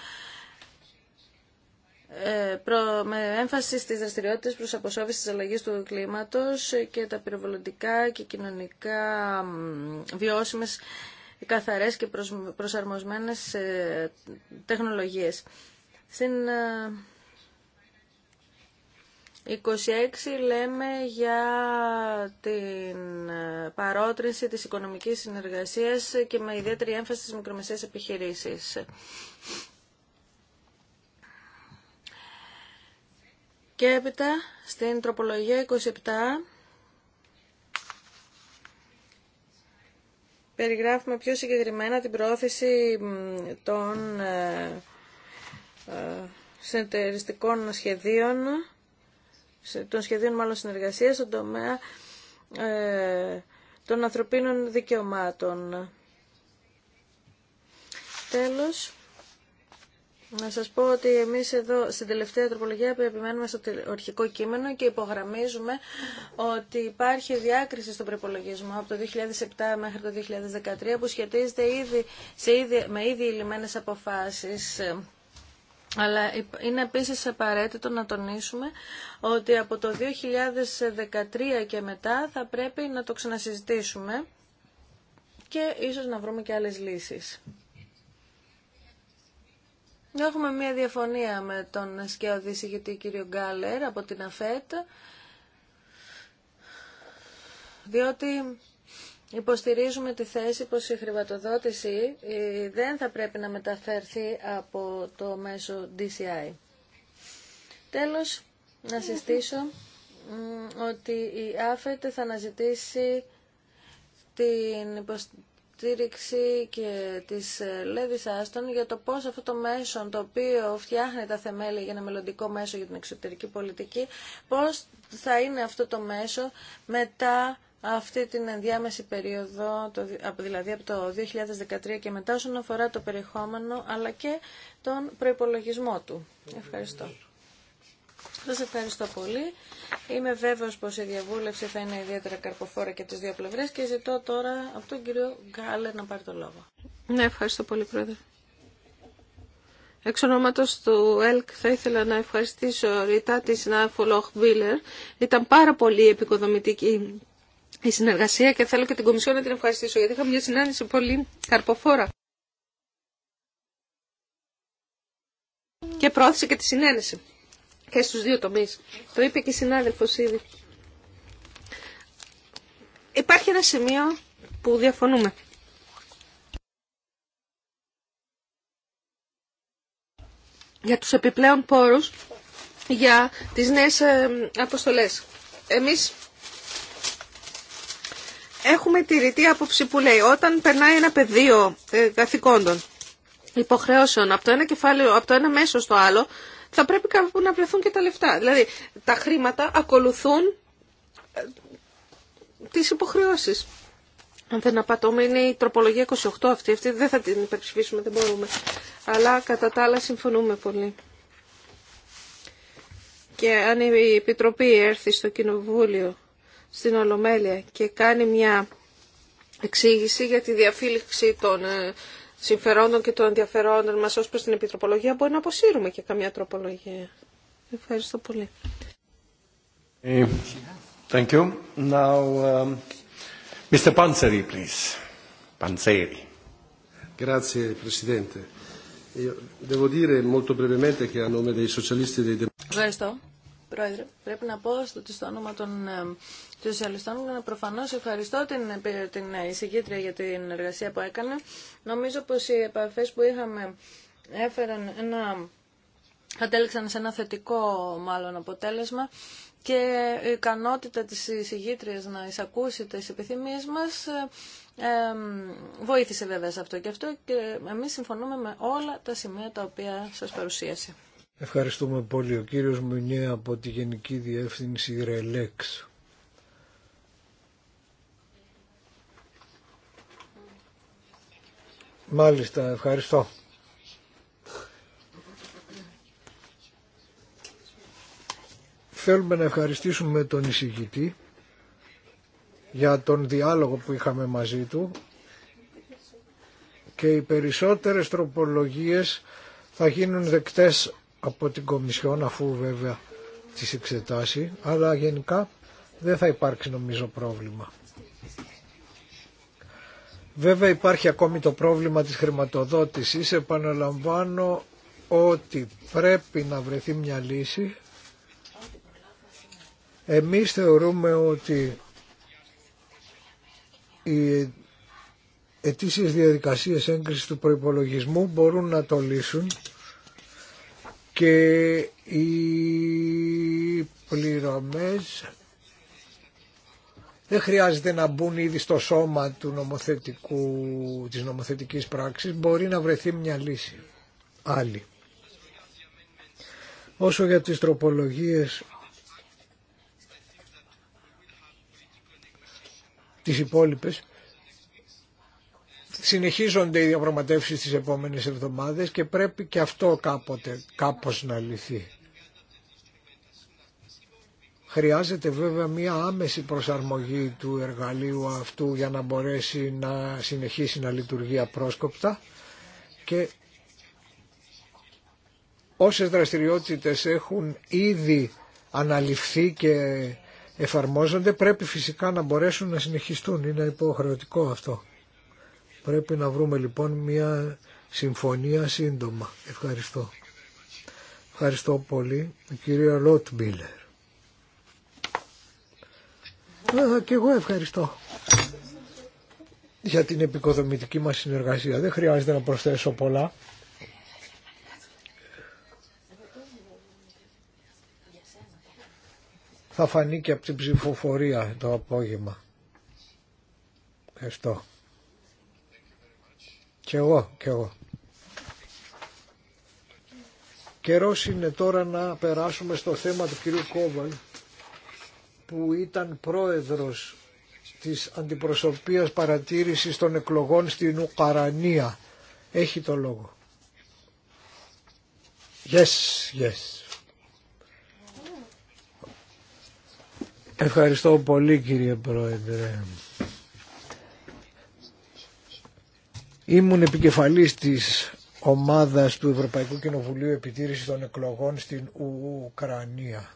ε, με έμφαση στις δραστηριότητες προς αποσόβηση της αλλαγής του κλίματος και τα πυροβολοντικά και κοινωνικά βιώσιμες καθαρές και προσαρμοσμένες τεχνολογίες. 26 λέμε για την ε, παρότρινση της οικονομικής συνεργασίας και με ιδιαίτερη έμφαση στις μικρομεσαίες επιχειρήσεις. Και έπειτα στην τροπολογία 27 περιγράφουμε πιο συγκεκριμένα την πρόθεση των ε, ε, συνεταιριστικών σχεδίων των σχεδίων μάλλον συνεργασίας στον τομέα ε, των ανθρωπίνων δικαιωμάτων. Τέλος, να σας πω ότι εμείς εδώ στην τελευταία τροπολογία επιμένουμε στο αρχικό κείμενο και υπογραμμίζουμε ότι υπάρχει διάκριση στον προπολογισμό από το 2007 μέχρι το 2013 που σχετίζεται ήδη, με ήδη λιμένες αποφάσεις αλλά είναι επίσης απαραίτητο να τονίσουμε ότι από το 2013 και μετά θα πρέπει να το ξανασυζητήσουμε και ίσως να βρούμε και άλλες λύσεις. Έχουμε μία διαφωνία με τον γιατί ο κύριο Γκάλερ από την ΑΦΕΤ, διότι Υποστηρίζουμε τη θέση πως η χρηματοδότηση ε, δεν θα πρέπει να μεταφερθεί από το μέσο DCI. Τέλος, να συστήσω ότι η ΑΦΕΤ θα αναζητήσει την υποστήριξη και της Λέδης ε, Άστον για το πώς αυτό το μέσο το οποίο φτιάχνει τα θεμέλια για ένα μελλοντικό μέσο για την εξωτερική πολιτική, πώς θα είναι αυτό το μέσο μετά αυτή την ενδιάμεση περίοδο, δηλαδή από το 2013 και μετά, όσον αφορά το περιεχόμενο, αλλά και τον προϋπολογισμό του. Ευχαριστώ. Σας ευχαριστώ πολύ. Είμαι βέβαιος πως η διαβούλευση θα είναι ιδιαίτερα καρποφόρα και τις δύο πλευρές και ζητώ τώρα από τον κύριο Γκάλε να πάρει το λόγο. Ναι, ευχαριστώ πολύ, Πρόεδρε. Εξ ονόματος του ΕΛΚ θα ήθελα να ευχαριστήσω ρητά τη συνάδελφο Λόχ Μπίλερ. Ήταν πάρα πολύ επικοδομητική η συνεργασία και θέλω και την Κομισιόν να την ευχαριστήσω γιατί είχαμε μια συνάντηση πολύ καρποφόρα. Και πρόθεσε και τη συνένεση και στους δύο τομείς. Το είπε και η συνάδελφος ήδη. Υπάρχει ένα σημείο που διαφωνούμε. Για τους επιπλέον πόρους για τις νέες ε, αποστολές. Εμείς έχουμε τη ρητή άποψη που λέει όταν περνάει ένα πεδίο ε, καθηκόντων υποχρεώσεων από το ένα κεφάλαιο, από το ένα μέσο στο άλλο, θα πρέπει κάπου να βρεθούν και τα λεφτά. Δηλαδή τα χρήματα ακολουθούν ε, τις υποχρεώσεις. Αν δεν απατώμε, είναι η τροπολογία 28 αυτή. Αυτή δεν θα την υπερψηφίσουμε, δεν μπορούμε. Αλλά κατά τα άλλα συμφωνούμε πολύ. Και αν η Επιτροπή έρθει στο Κοινοβούλιο στην Ολομέλεια και κάνει μια εξήγηση για τη διαφύλιξη των ε, συμφερόντων και των ενδιαφερόντων μας ως προς την επιτροπολογία, μπορεί να αποσύρουμε και καμιά τροπολογία. Ευχαριστώ πολύ. Ε, thank you. Now, um, Mr. Panzeri, please. Panzeri. Grazie, Presidente. Devo dire molto brevemente che a nome dei socialisti e dei democratici... Ευχαριστώ. Πρόεδρε, πρέπει να πω στο όνομα των ε, να προφανώς ευχαριστώ την, ε, την ε, εισηγήτρια για την εργασία που έκανε. Νομίζω πως οι επαφές που είχαμε έφεραν ένα, κατέληξαν σε ένα θετικό μάλλον αποτέλεσμα και η ικανότητα της εισηγήτριας να εισακούσει τις επιθυμίες μας ε, βοήθησε βέβαια σε αυτό και αυτό και εμείς συμφωνούμε με όλα τα σημεία τα οποία σας παρουσίασε. Ευχαριστούμε πολύ. Ο κύριος Μουνιέ από τη Γενική Διεύθυνση Ρελέξ. Μάλιστα, ευχαριστώ. Θέλουμε να ευχαριστήσουμε τον εισηγητή για τον διάλογο που είχαμε μαζί του και οι περισσότερες τροπολογίες θα γίνουν δεκτές από την Κομισιόν αφού βέβαια τις εξετάσει αλλά γενικά δεν θα υπάρξει νομίζω πρόβλημα. Βέβαια υπάρχει ακόμη το πρόβλημα της χρηματοδότησης. Επαναλαμβάνω ότι πρέπει να βρεθεί μια λύση. Εμείς θεωρούμε ότι οι ετήσιες διαδικασίες έγκρισης του προϋπολογισμού μπορούν να το λύσουν και οι πληρωμές δεν χρειάζεται να μπουν ήδη στο σώμα του νομοθετικού, της νομοθετικής πράξης, μπορεί να βρεθεί μια λύση άλλη. Όσο για τις τροπολογίες τις υπόλοιπες, Συνεχίζονται οι διαπραγματεύσει τις επόμενες εβδομάδες και πρέπει και αυτό κάποτε κάπως να λυθεί. Χρειάζεται βέβαια μία άμεση προσαρμογή του εργαλείου αυτού για να μπορέσει να συνεχίσει να λειτουργεί απρόσκοπτα και όσες δραστηριότητες έχουν ήδη αναλυφθεί και εφαρμόζονται πρέπει φυσικά να μπορέσουν να συνεχιστούν. Είναι υποχρεωτικό αυτό. Πρέπει να βρούμε λοιπόν μια συμφωνία σύντομα. Ευχαριστώ. Ευχαριστώ πολύ, κυρία Λότμπίλερ. Ε, και εγώ ευχαριστώ για την επικοδομητική μας συνεργασία. Δεν χρειάζεται να προσθέσω πολλά. Θα φανεί και από την ψηφοφορία το απόγευμα. Ευχαριστώ. Κι εγώ, κι εγώ. Καιρός είναι τώρα να περάσουμε στο θέμα του κυρίου Κόβαλ που ήταν πρόεδρος της αντιπροσωπείας παρατήρησης των εκλογών στην Ουκαρανία. Έχει το λόγο. Yes, yes. Ευχαριστώ πολύ κύριε Πρόεδρε. Ήμουν επικεφαλής της ομάδας του Ευρωπαϊκού Κοινοβουλίου Επιτήρησης των Εκλογών στην Ουκρανία.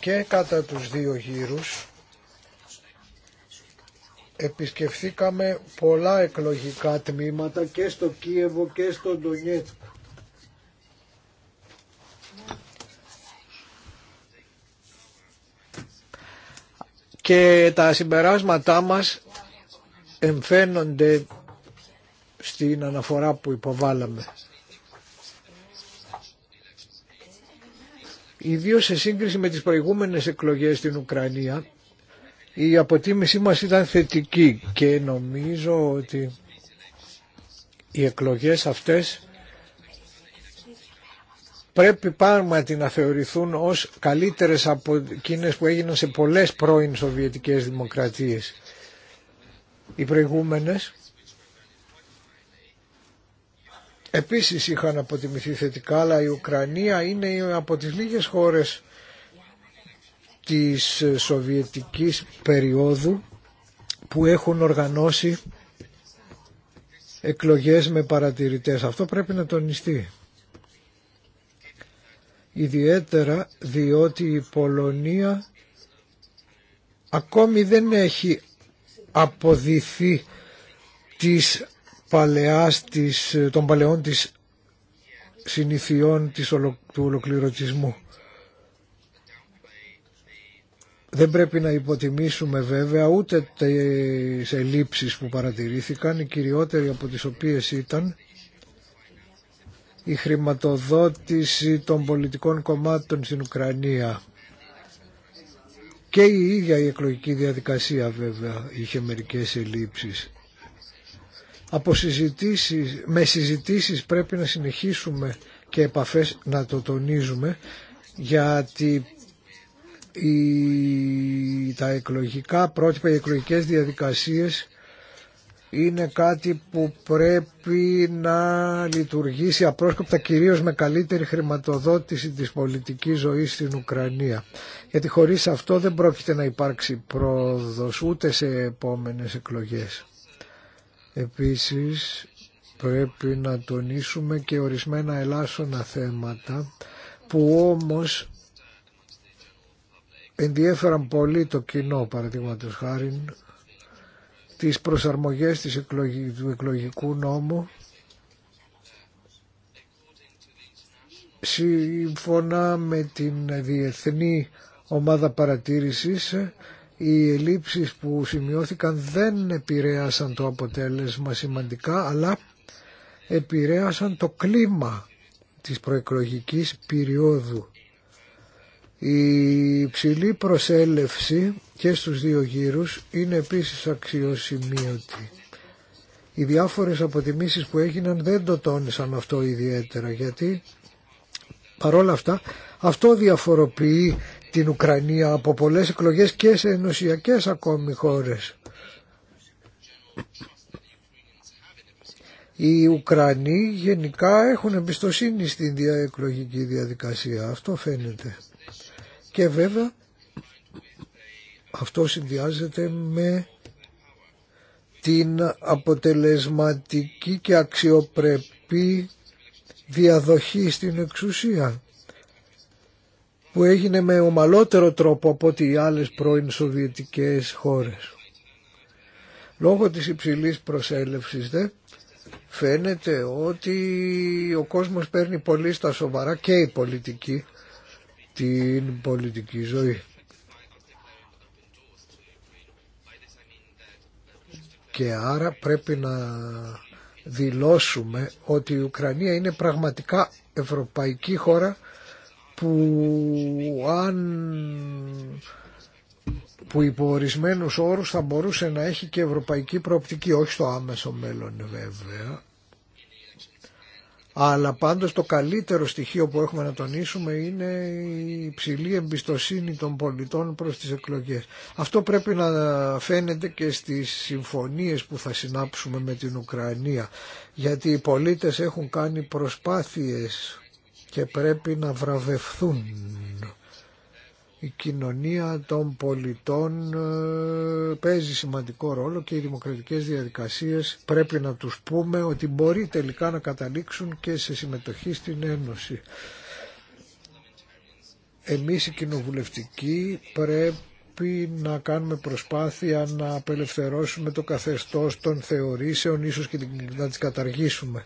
Και κατά τους δύο γύρους επισκεφθήκαμε πολλά εκλογικά τμήματα και στο Κίεβο και στο Ντονιέτσκο. και τα συμπεράσματά μας εμφαίνονται στην αναφορά που υποβάλαμε. Ιδίως σε σύγκριση με τις προηγούμενες εκλογές στην Ουκρανία, η αποτίμησή μας ήταν θετική και νομίζω ότι οι εκλογές αυτές πρέπει πάρματι να θεωρηθούν ως καλύτερες από εκείνες που έγιναν σε πολλές πρώην Σοβιετικές δημοκρατίες. Οι προηγούμενες επίσης είχαν αποτιμηθεί θετικά, αλλά η Ουκρανία είναι από τις λίγες χώρες της Σοβιετικής περίοδου που έχουν οργανώσει εκλογές με παρατηρητές. Αυτό πρέπει να τονιστεί ιδιαίτερα διότι η Πολωνία ακόμη δεν έχει αποδηθεί της παλαιάς, της, των παλαιών της συνηθιών της, του ολοκληρωτισμού. Δεν πρέπει να υποτιμήσουμε βέβαια ούτε τις ελλείψεις που παρατηρήθηκαν, οι κυριότεροι από τις οποίες ήταν η χρηματοδότηση των πολιτικών κομμάτων στην Ουκρανία. Και η ίδια η εκλογική διαδικασία βέβαια είχε μερικές ελλείψεις. Από συζητήσεις, με συζητήσεις πρέπει να συνεχίσουμε και επαφές να το τονίζουμε γιατί η, τα εκλογικά πρότυπα, οι εκλογικές διαδικασίες είναι κάτι που πρέπει να λειτουργήσει απρόσκοπτα κυρίως με καλύτερη χρηματοδότηση της πολιτικής ζωής στην Ουκρανία. Γιατί χωρίς αυτό δεν πρόκειται να υπάρξει πρόοδος ούτε σε επόμενες εκλογές. Επίσης πρέπει να τονίσουμε και ορισμένα ελάσσονα θέματα που όμως ενδιέφεραν πολύ το κοινό παραδείγματος χάρη τις προσαρμογές της του εκλογικού νόμου σύμφωνα με την Διεθνή Ομάδα Παρατήρησης οι ελλείψεις που σημειώθηκαν δεν επηρέασαν το αποτέλεσμα σημαντικά αλλά επηρέασαν το κλίμα της προεκλογικής περίοδου η ψηλή προσέλευση και στους δύο γύρους είναι επίσης αξιοσημείωτη. Οι διάφορες αποτιμήσεις που έγιναν δεν το τόνισαν αυτό ιδιαίτερα γιατί παρόλα αυτά αυτό διαφοροποιεί την Ουκρανία από πολλές εκλογές και σε ενωσιακές ακόμη χώρες. Οι Ουκρανοί γενικά έχουν εμπιστοσύνη στην διαεκλογική διαδικασία. Αυτό φαίνεται. Και βέβαια αυτό συνδυάζεται με την αποτελεσματική και αξιοπρεπή διαδοχή στην εξουσία που έγινε με ομαλότερο τρόπο από ό,τι οι άλλες πρώην Σοβιετικές χώρες. Λόγω της υψηλής προσέλευσης δε, φαίνεται ότι ο κόσμος παίρνει πολύ στα σοβαρά και η πολιτική την πολιτική ζωή. Και άρα πρέπει να δηλώσουμε ότι η Ουκρανία είναι πραγματικά ευρωπαϊκή χώρα που αν που υπό ορισμένου όρους θα μπορούσε να έχει και ευρωπαϊκή προοπτική, όχι στο άμεσο μέλλον βέβαια, αλλά πάντως το καλύτερο στοιχείο που έχουμε να τονίσουμε είναι η υψηλή εμπιστοσύνη των πολιτών προς τις εκλογές. Αυτό πρέπει να φαίνεται και στις συμφωνίες που θα συνάψουμε με την Ουκρανία. Γιατί οι πολίτες έχουν κάνει προσπάθειες και πρέπει να βραβευθούν η κοινωνία των πολιτών ε, παίζει σημαντικό ρόλο και οι δημοκρατικές διαδικασίες πρέπει να τους πούμε ότι μπορεί τελικά να καταλήξουν και σε συμμετοχή στην Ένωση. Εμείς οι κοινοβουλευτικοί πρέπει να κάνουμε προσπάθεια να απελευθερώσουμε το καθεστώς των θεωρήσεων, ίσως και να τις καταργήσουμε.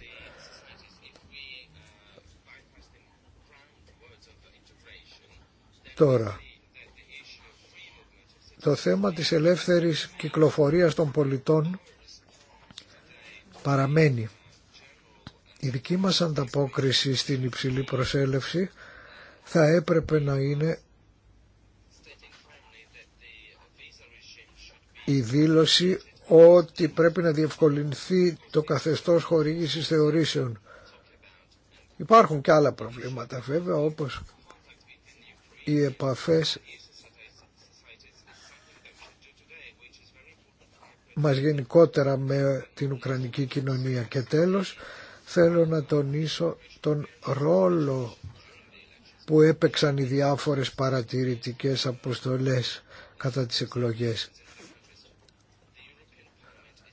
Τώρα, το θέμα της ελεύθερης κυκλοφορίας των πολιτών παραμένει. Η δική μας ανταπόκριση στην υψηλή προσέλευση θα έπρεπε να είναι η δήλωση ότι πρέπει να διευκολυνθεί το καθεστώς χορήγησης θεωρήσεων. Υπάρχουν και άλλα προβλήματα βέβαια όπως οι επαφές μας γενικότερα με την Ουκρανική κοινωνία. Και τέλος θέλω να τονίσω τον ρόλο που έπαιξαν οι διάφορες παρατηρητικές αποστολές κατά τις εκλογές.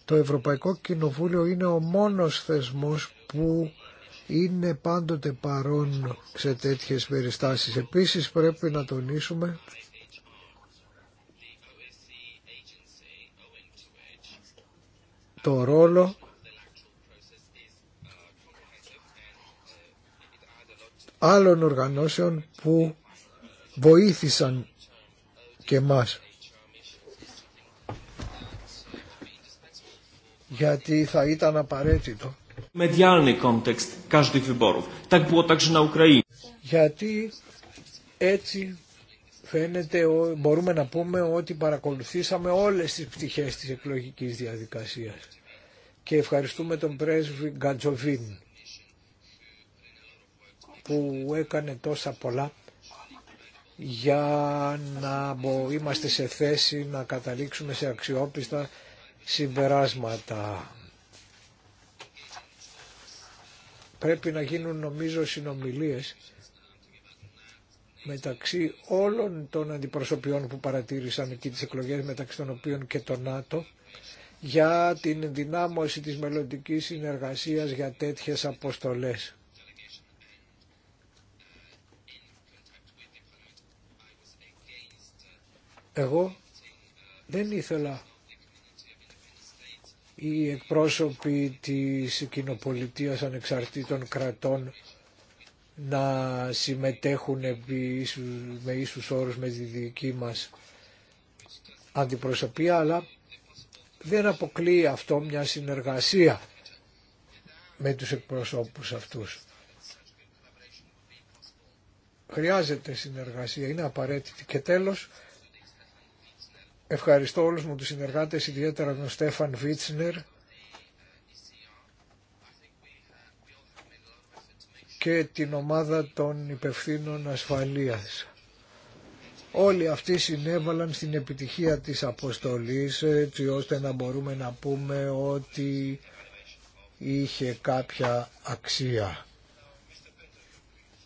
Το Ευρωπαϊκό Κοινοβούλιο είναι ο μόνος θεσμός που είναι πάντοτε παρόν σε τέτοιες περιστάσεις. Επίσης πρέπει να τονίσουμε το ρόλο άλλων οργανώσεων που βοήθησαν και μας. Γιατί θα ήταν απαραίτητο γιατί έτσι φαίνεται μπορούμε να πούμε ότι παρακολουθήσαμε όλες τις πτυχές της εκλογικής διαδικασίας. Και ευχαριστούμε τον πρέσβη Γκαντζοβίν, που έκανε τόσα πολλά για να είμαστε σε θέση να καταλήξουμε σε αξιόπιστα συμπεράσματα. πρέπει να γίνουν νομίζω συνομιλίες μεταξύ όλων των αντιπροσωπιών που παρατήρησαν εκεί τις εκλογές μεταξύ των οποίων και το ΝΑΤΟ για την ενδυνάμωση της μελλοντική συνεργασίας για τέτοιες αποστολές. Εγώ δεν ήθελα οι εκπρόσωποι της κοινοπολιτείας ανεξαρτήτων κρατών να συμμετέχουν με ίσους όρους με τη δική μας αντιπροσωπεία, αλλά δεν αποκλείει αυτό μια συνεργασία με τους εκπροσώπους αυτούς. Χρειάζεται συνεργασία, είναι απαραίτητη. Και τέλος, Ευχαριστώ όλους μου τους συνεργάτες, ιδιαίτερα τον Στέφαν Βίτσνερ και την ομάδα των υπευθύνων ασφαλείας. Όλοι αυτοί συνέβαλαν στην επιτυχία της αποστολής έτσι ώστε να μπορούμε να πούμε ότι είχε κάποια αξία.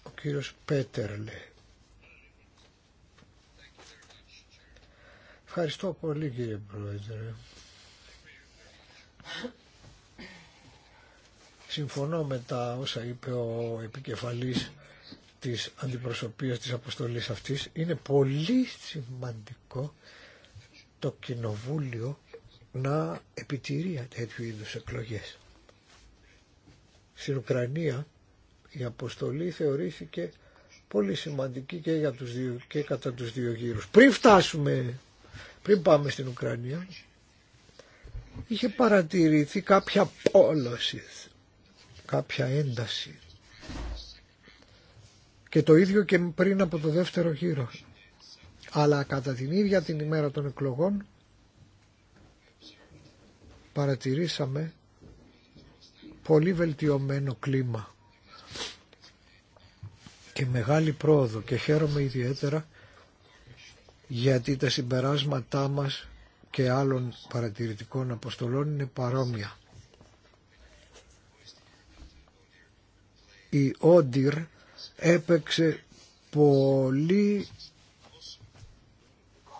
Ο κύριος Πέτερλε. Ευχαριστώ πολύ κύριε Πρόεδρε. Συμφωνώ με τα όσα είπε ο επικεφαλής της αντιπροσωπείας της αποστολής αυτής. Είναι πολύ σημαντικό το κοινοβούλιο να επιτηρεί τέτοιου είδου εκλογές. Στην Ουκρανία η αποστολή θεωρήθηκε πολύ σημαντική και, για τους δύο, και κατά τους δύο γύρους. Πριν φτάσουμε πριν πάμε στην Ουκρανία, είχε παρατηρηθεί κάποια πόλωση, κάποια ένταση. Και το ίδιο και πριν από το δεύτερο γύρο. Αλλά κατά την ίδια την ημέρα των εκλογών παρατηρήσαμε πολύ βελτιωμένο κλίμα και μεγάλη πρόοδο και χαίρομαι ιδιαίτερα γιατί τα συμπεράσματά μας και άλλων παρατηρητικών αποστολών είναι παρόμοια. Η Όντιρ έπαιξε πολύ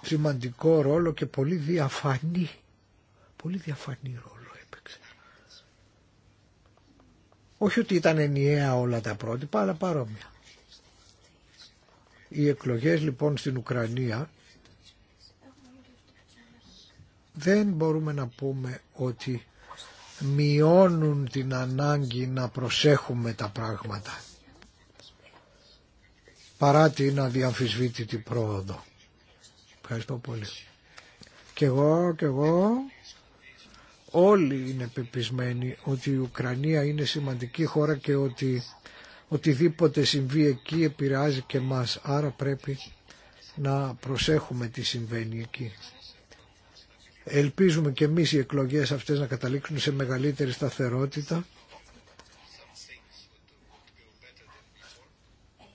σημαντικό ρόλο και πολύ διαφανή, πολύ διαφανή ρόλο έπαιξε. Όχι ότι ήταν ενιαία όλα τα πρότυπα, αλλά παρόμοια. Οι εκλογές λοιπόν στην Ουκρανία δεν μπορούμε να πούμε ότι μειώνουν την ανάγκη να προσέχουμε τα πράγματα παρά την αδιαμφισβήτητη πρόοδο. Ευχαριστώ πολύ. Και εγώ, και εγώ, όλοι είναι πεπισμένοι ότι η Ουκρανία είναι σημαντική χώρα και ότι οτιδήποτε συμβεί εκεί επηρεάζει και μας. Άρα πρέπει να προσέχουμε τι συμβαίνει εκεί. Ελπίζουμε και εμείς οι εκλογές αυτές να καταλήξουν σε μεγαλύτερη σταθερότητα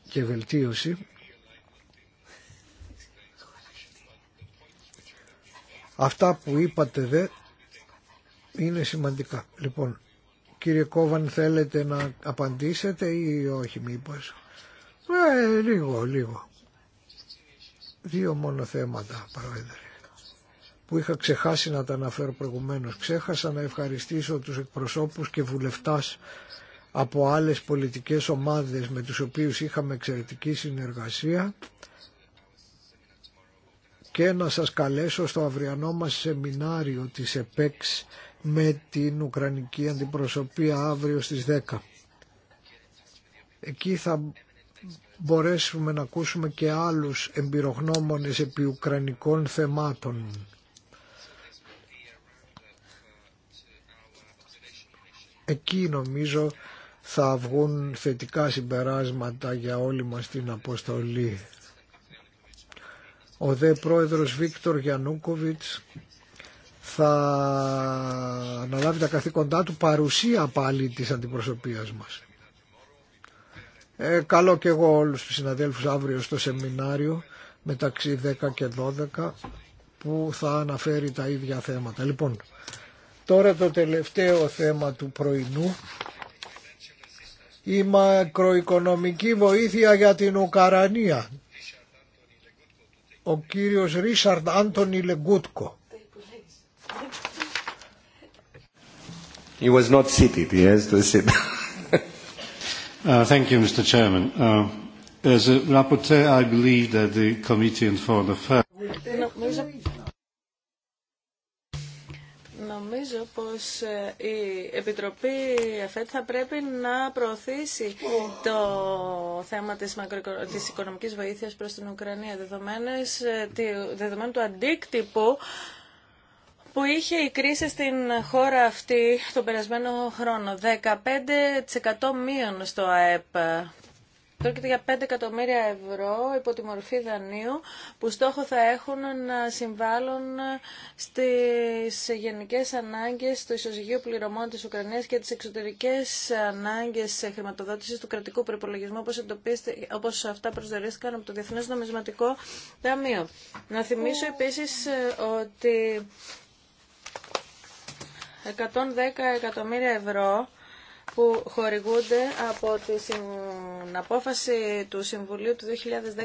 και βελτίωση. Αυτά που είπατε δε είναι σημαντικά. Λοιπόν, Κύριε Κόβαν θέλετε να απαντήσετε ή όχι μήπως. Ε, λίγο, λίγο. Δύο μόνο θέματα, Πρόεδρε, που είχα ξεχάσει να τα αναφέρω προηγουμένως. Ξέχασα να ευχαριστήσω τους εκπροσώπους και βουλευτάς από άλλες πολιτικές ομάδες με τους οποίους είχαμε εξαιρετική συνεργασία και να σας καλέσω στο αυριανό μας σεμινάριο της ΕΠΕΞ με την Ουκρανική Αντιπροσωπεία αύριο στις 10. Εκεί θα μπορέσουμε να ακούσουμε και άλλους εμπειρογνώμονες επί Ουκρανικών θεμάτων. Εκεί νομίζω θα βγουν θετικά συμπεράσματα για όλη μας την αποστολή. Ο δε πρόεδρος Βίκτορ Γιαννούκοβιτς θα αναλάβει τα καθήκοντά του παρουσία πάλι της αντιπροσωπείας μας. Ε, καλό και εγώ όλους τους συναδέλφους αύριο στο σεμινάριο μεταξύ 10 και 12 που θα αναφέρει τα ίδια θέματα. Λοιπόν, τώρα το τελευταίο θέμα του πρωινού η μακροοικονομική βοήθεια για την Ουκαρανία. Ο κύριος Ρίσαρντ Άντωνι Λεγκούτκο. He was not seated. He has to sit. uh, Thank you, Mr. Chairman. Uh, As a rapporteur, I believe that the Committee on Foreign Affairs. Νομίζω πως ε, η Επιτροπή ΕΦΕΤ θα πρέπει να προωθήσει το θέμα της, μακροοικο... της οικονομικής βοήθειας προς την Ουκρανία ε, δεδομένου του αντίκτυπου που είχε η κρίση στην χώρα αυτή τον περασμένο χρόνο. 15% μείον στο ΑΕΠ. Πρόκειται για 5 εκατομμύρια ευρώ υπό τη μορφή δανείου που στόχο θα έχουν να συμβάλλουν στις γενικές ανάγκες του ισοζυγίου πληρωμών της Ουκρανίας και τις εξωτερικές ανάγκες χρηματοδότησης του κρατικού προπολογισμού όπως, όπως αυτά προσδιορίστηκαν από το Διεθνές Νομισματικό Ταμείο. Να θυμίσω επίσης ε, ότι 110 εκατομμύρια ευρώ που χορηγούνται από την απόφαση του Συμβουλίου του 2010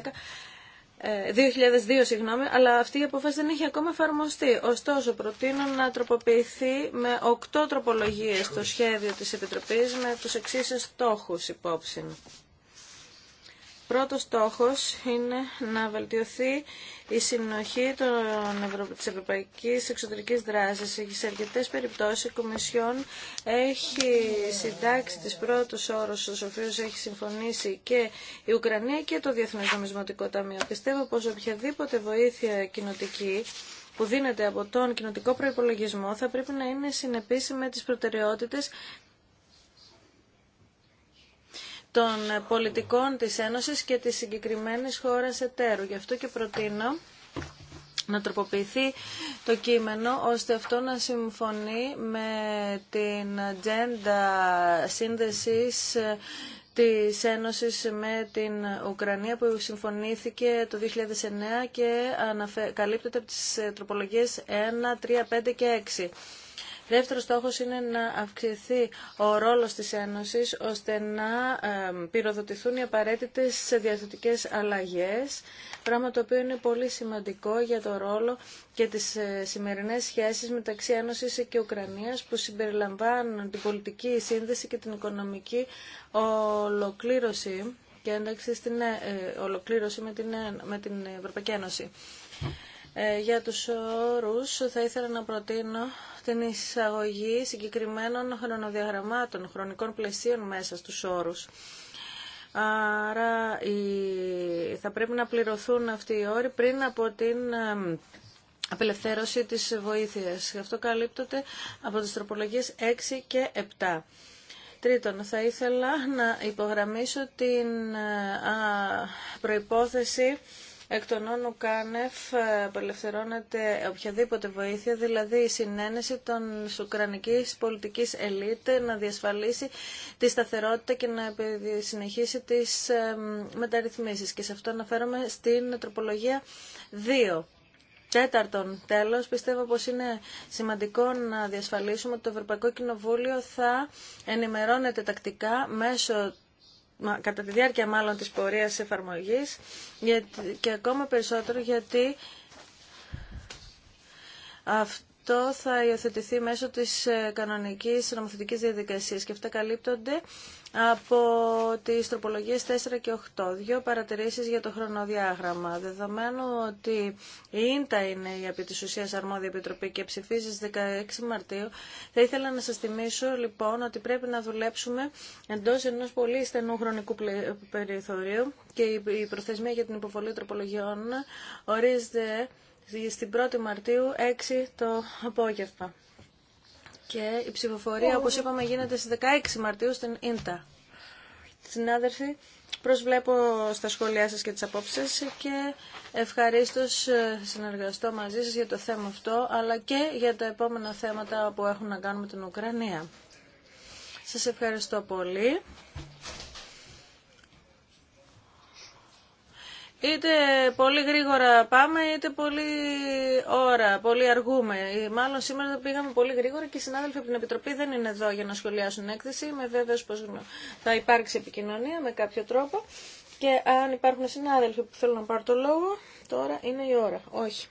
2002, ε, συγγνώμη, αλλά αυτή η απόφαση δεν έχει ακόμα εφαρμοστεί. Ωστόσο, προτείνω να τροποποιηθεί με οκτώ τροπολογίες το σχέδιο της Επιτροπής με τους εξής στόχους υπόψη. Πρώτος στόχος είναι να βελτιωθεί η συνοχή των Ευρω... της ευρωπαϊκής εξωτερικής δράσης. Σε αρκετέ περιπτώσεις η Κομισιόν έχει συντάξει τις πρώτους όρους στους οποίους έχει συμφωνήσει και η Ουκρανία και το Διεθνές Νομισματικό Ταμείο. Πιστεύω πως οποιαδήποτε βοήθεια κοινοτική που δίνεται από τον κοινοτικό προϋπολογισμό θα πρέπει να είναι συνεπίση με τις προτεραιότητες των πολιτικών της Ένωσης και της συγκεκριμένης χώρας εταίρου. Γι' αυτό και προτείνω να τροποποιηθεί το κείμενο ώστε αυτό να συμφωνεί με την ατζέντα σύνδεσης της Ένωσης με την Ουκρανία που συμφωνήθηκε το 2009 και καλύπτεται από τις τροπολογίες 1, 3, 5 και 6. Δεύτερος στόχος είναι να αυξηθεί ο ρόλος της Ένωσης ώστε να πυροδοτηθούν οι απαραίτητες διαθετικές αλλαγές, πράγμα το οποίο είναι πολύ σημαντικό για το ρόλο και τις ε, σημερινές σχέσεις μεταξύ Ένωσης και Ουκρανίας που συμπεριλαμβάνουν την πολιτική σύνδεση και την οικονομική ολοκλήρωση και ε, ε, ολοκλήρωση την, με την Ευρωπαϊκή Ένωση. Ε, για τους όρους θα ήθελα να προτείνω την εισαγωγή συγκεκριμένων χρονοδιαγραμμάτων, χρονικών πλαισίων μέσα στους όρους. Άρα θα πρέπει να πληρωθούν αυτοί οι όροι πριν από την ε, απελευθέρωση της βοήθειας. Αυτό καλύπτονται από τις τροπολογίες 6 και 7. Τρίτον, θα ήθελα να υπογραμμίσω την ε, προϋπόθεση εκ των νόνου Κάνεφ ε, απελευθερώνεται οποιαδήποτε βοήθεια, δηλαδή η συνένεση των Ουκρανικής πολιτικής ελίτ ε, να διασφαλίσει τη σταθερότητα και να συνεχίσει τις ε, μεταρρυθμίσεις. Και σε αυτό αναφέρομαι στην τροπολογία 2. Τέταρτον, τέλος, πιστεύω πως είναι σημαντικό να διασφαλίσουμε ότι το Ευρωπαϊκό Κοινοβούλιο θα ενημερώνεται τακτικά μέσω κατά τη διάρκεια μάλλον της πορείας εφαρμογής και ακόμα περισσότερο γιατί αυτό θα υιοθετηθεί μέσω της ε, κανονικής νομοθετικής διαδικασίας και αυτά καλύπτονται από τις τροπολογίες 4 και 8. Δύο παρατηρήσεις για το χρονοδιάγραμμα. Δεδομένου ότι η ΙΝΤΑ είναι η επί της αρμόδια επιτροπή και ψηφίζει στις 16 Μαρτίου, θα ήθελα να σας θυμίσω λοιπόν ότι πρέπει να δουλέψουμε εντός ενός πολύ στενού χρονικού περιθωρίου και η προθεσμία για την υποβολή τροπολογιών ορίζεται στην 1η Μαρτίου 6 το απόγευμα. Και η ψηφοφορία, όπως είπαμε, γίνεται στις 16 Μαρτίου στην Ίντα. Συνάδελφοι, προσβλέπω στα σχόλιά σας και τις απόψεις σας και ευχαρίστως ε, συνεργαστώ μαζί σας για το θέμα αυτό, αλλά και για τα επόμενα θέματα που έχουν να κάνουν με την Ουκρανία. Σας ευχαριστώ πολύ. Είτε πολύ γρήγορα πάμε, είτε πολύ ώρα, πολύ αργούμε. Ε, μάλλον σήμερα πήγαμε πολύ γρήγορα και οι συνάδελφοι από την Επιτροπή δεν είναι εδώ για να σχολιάσουν έκθεση. Είμαι βέβαιο πώ θα υπάρξει επικοινωνία με κάποιο τρόπο. Και αν υπάρχουν συνάδελφοι που θέλουν να πάρουν το λόγο, τώρα είναι η ώρα. Όχι.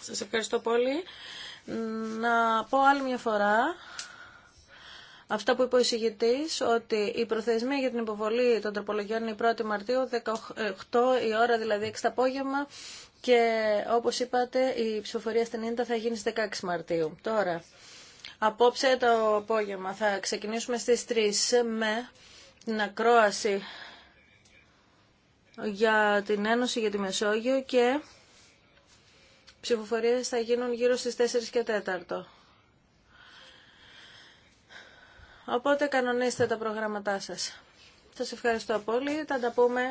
Σα ευχαριστώ πολύ. Να πω άλλη μια φορά αυτά που είπε ο εισηγητή, ότι η προθεσμία για την υποβολή των τροπολογιών είναι η 1η Μαρτίου, 18 η ώρα δηλαδή 6 το απόγευμα και όπως είπατε η ψηφοφορία στην 90 θα γίνει στις 16 Μαρτίου. Τώρα, απόψε το απόγευμα θα ξεκινήσουμε στις 3 με την ακρόαση για την Ένωση για τη Μεσόγειο και ψηφοφορίες θα γίνουν γύρω στις 4 και 4. Οπότε κανονίστε τα προγράμματά σας. Σας ευχαριστώ πολύ. Θα τα πούμε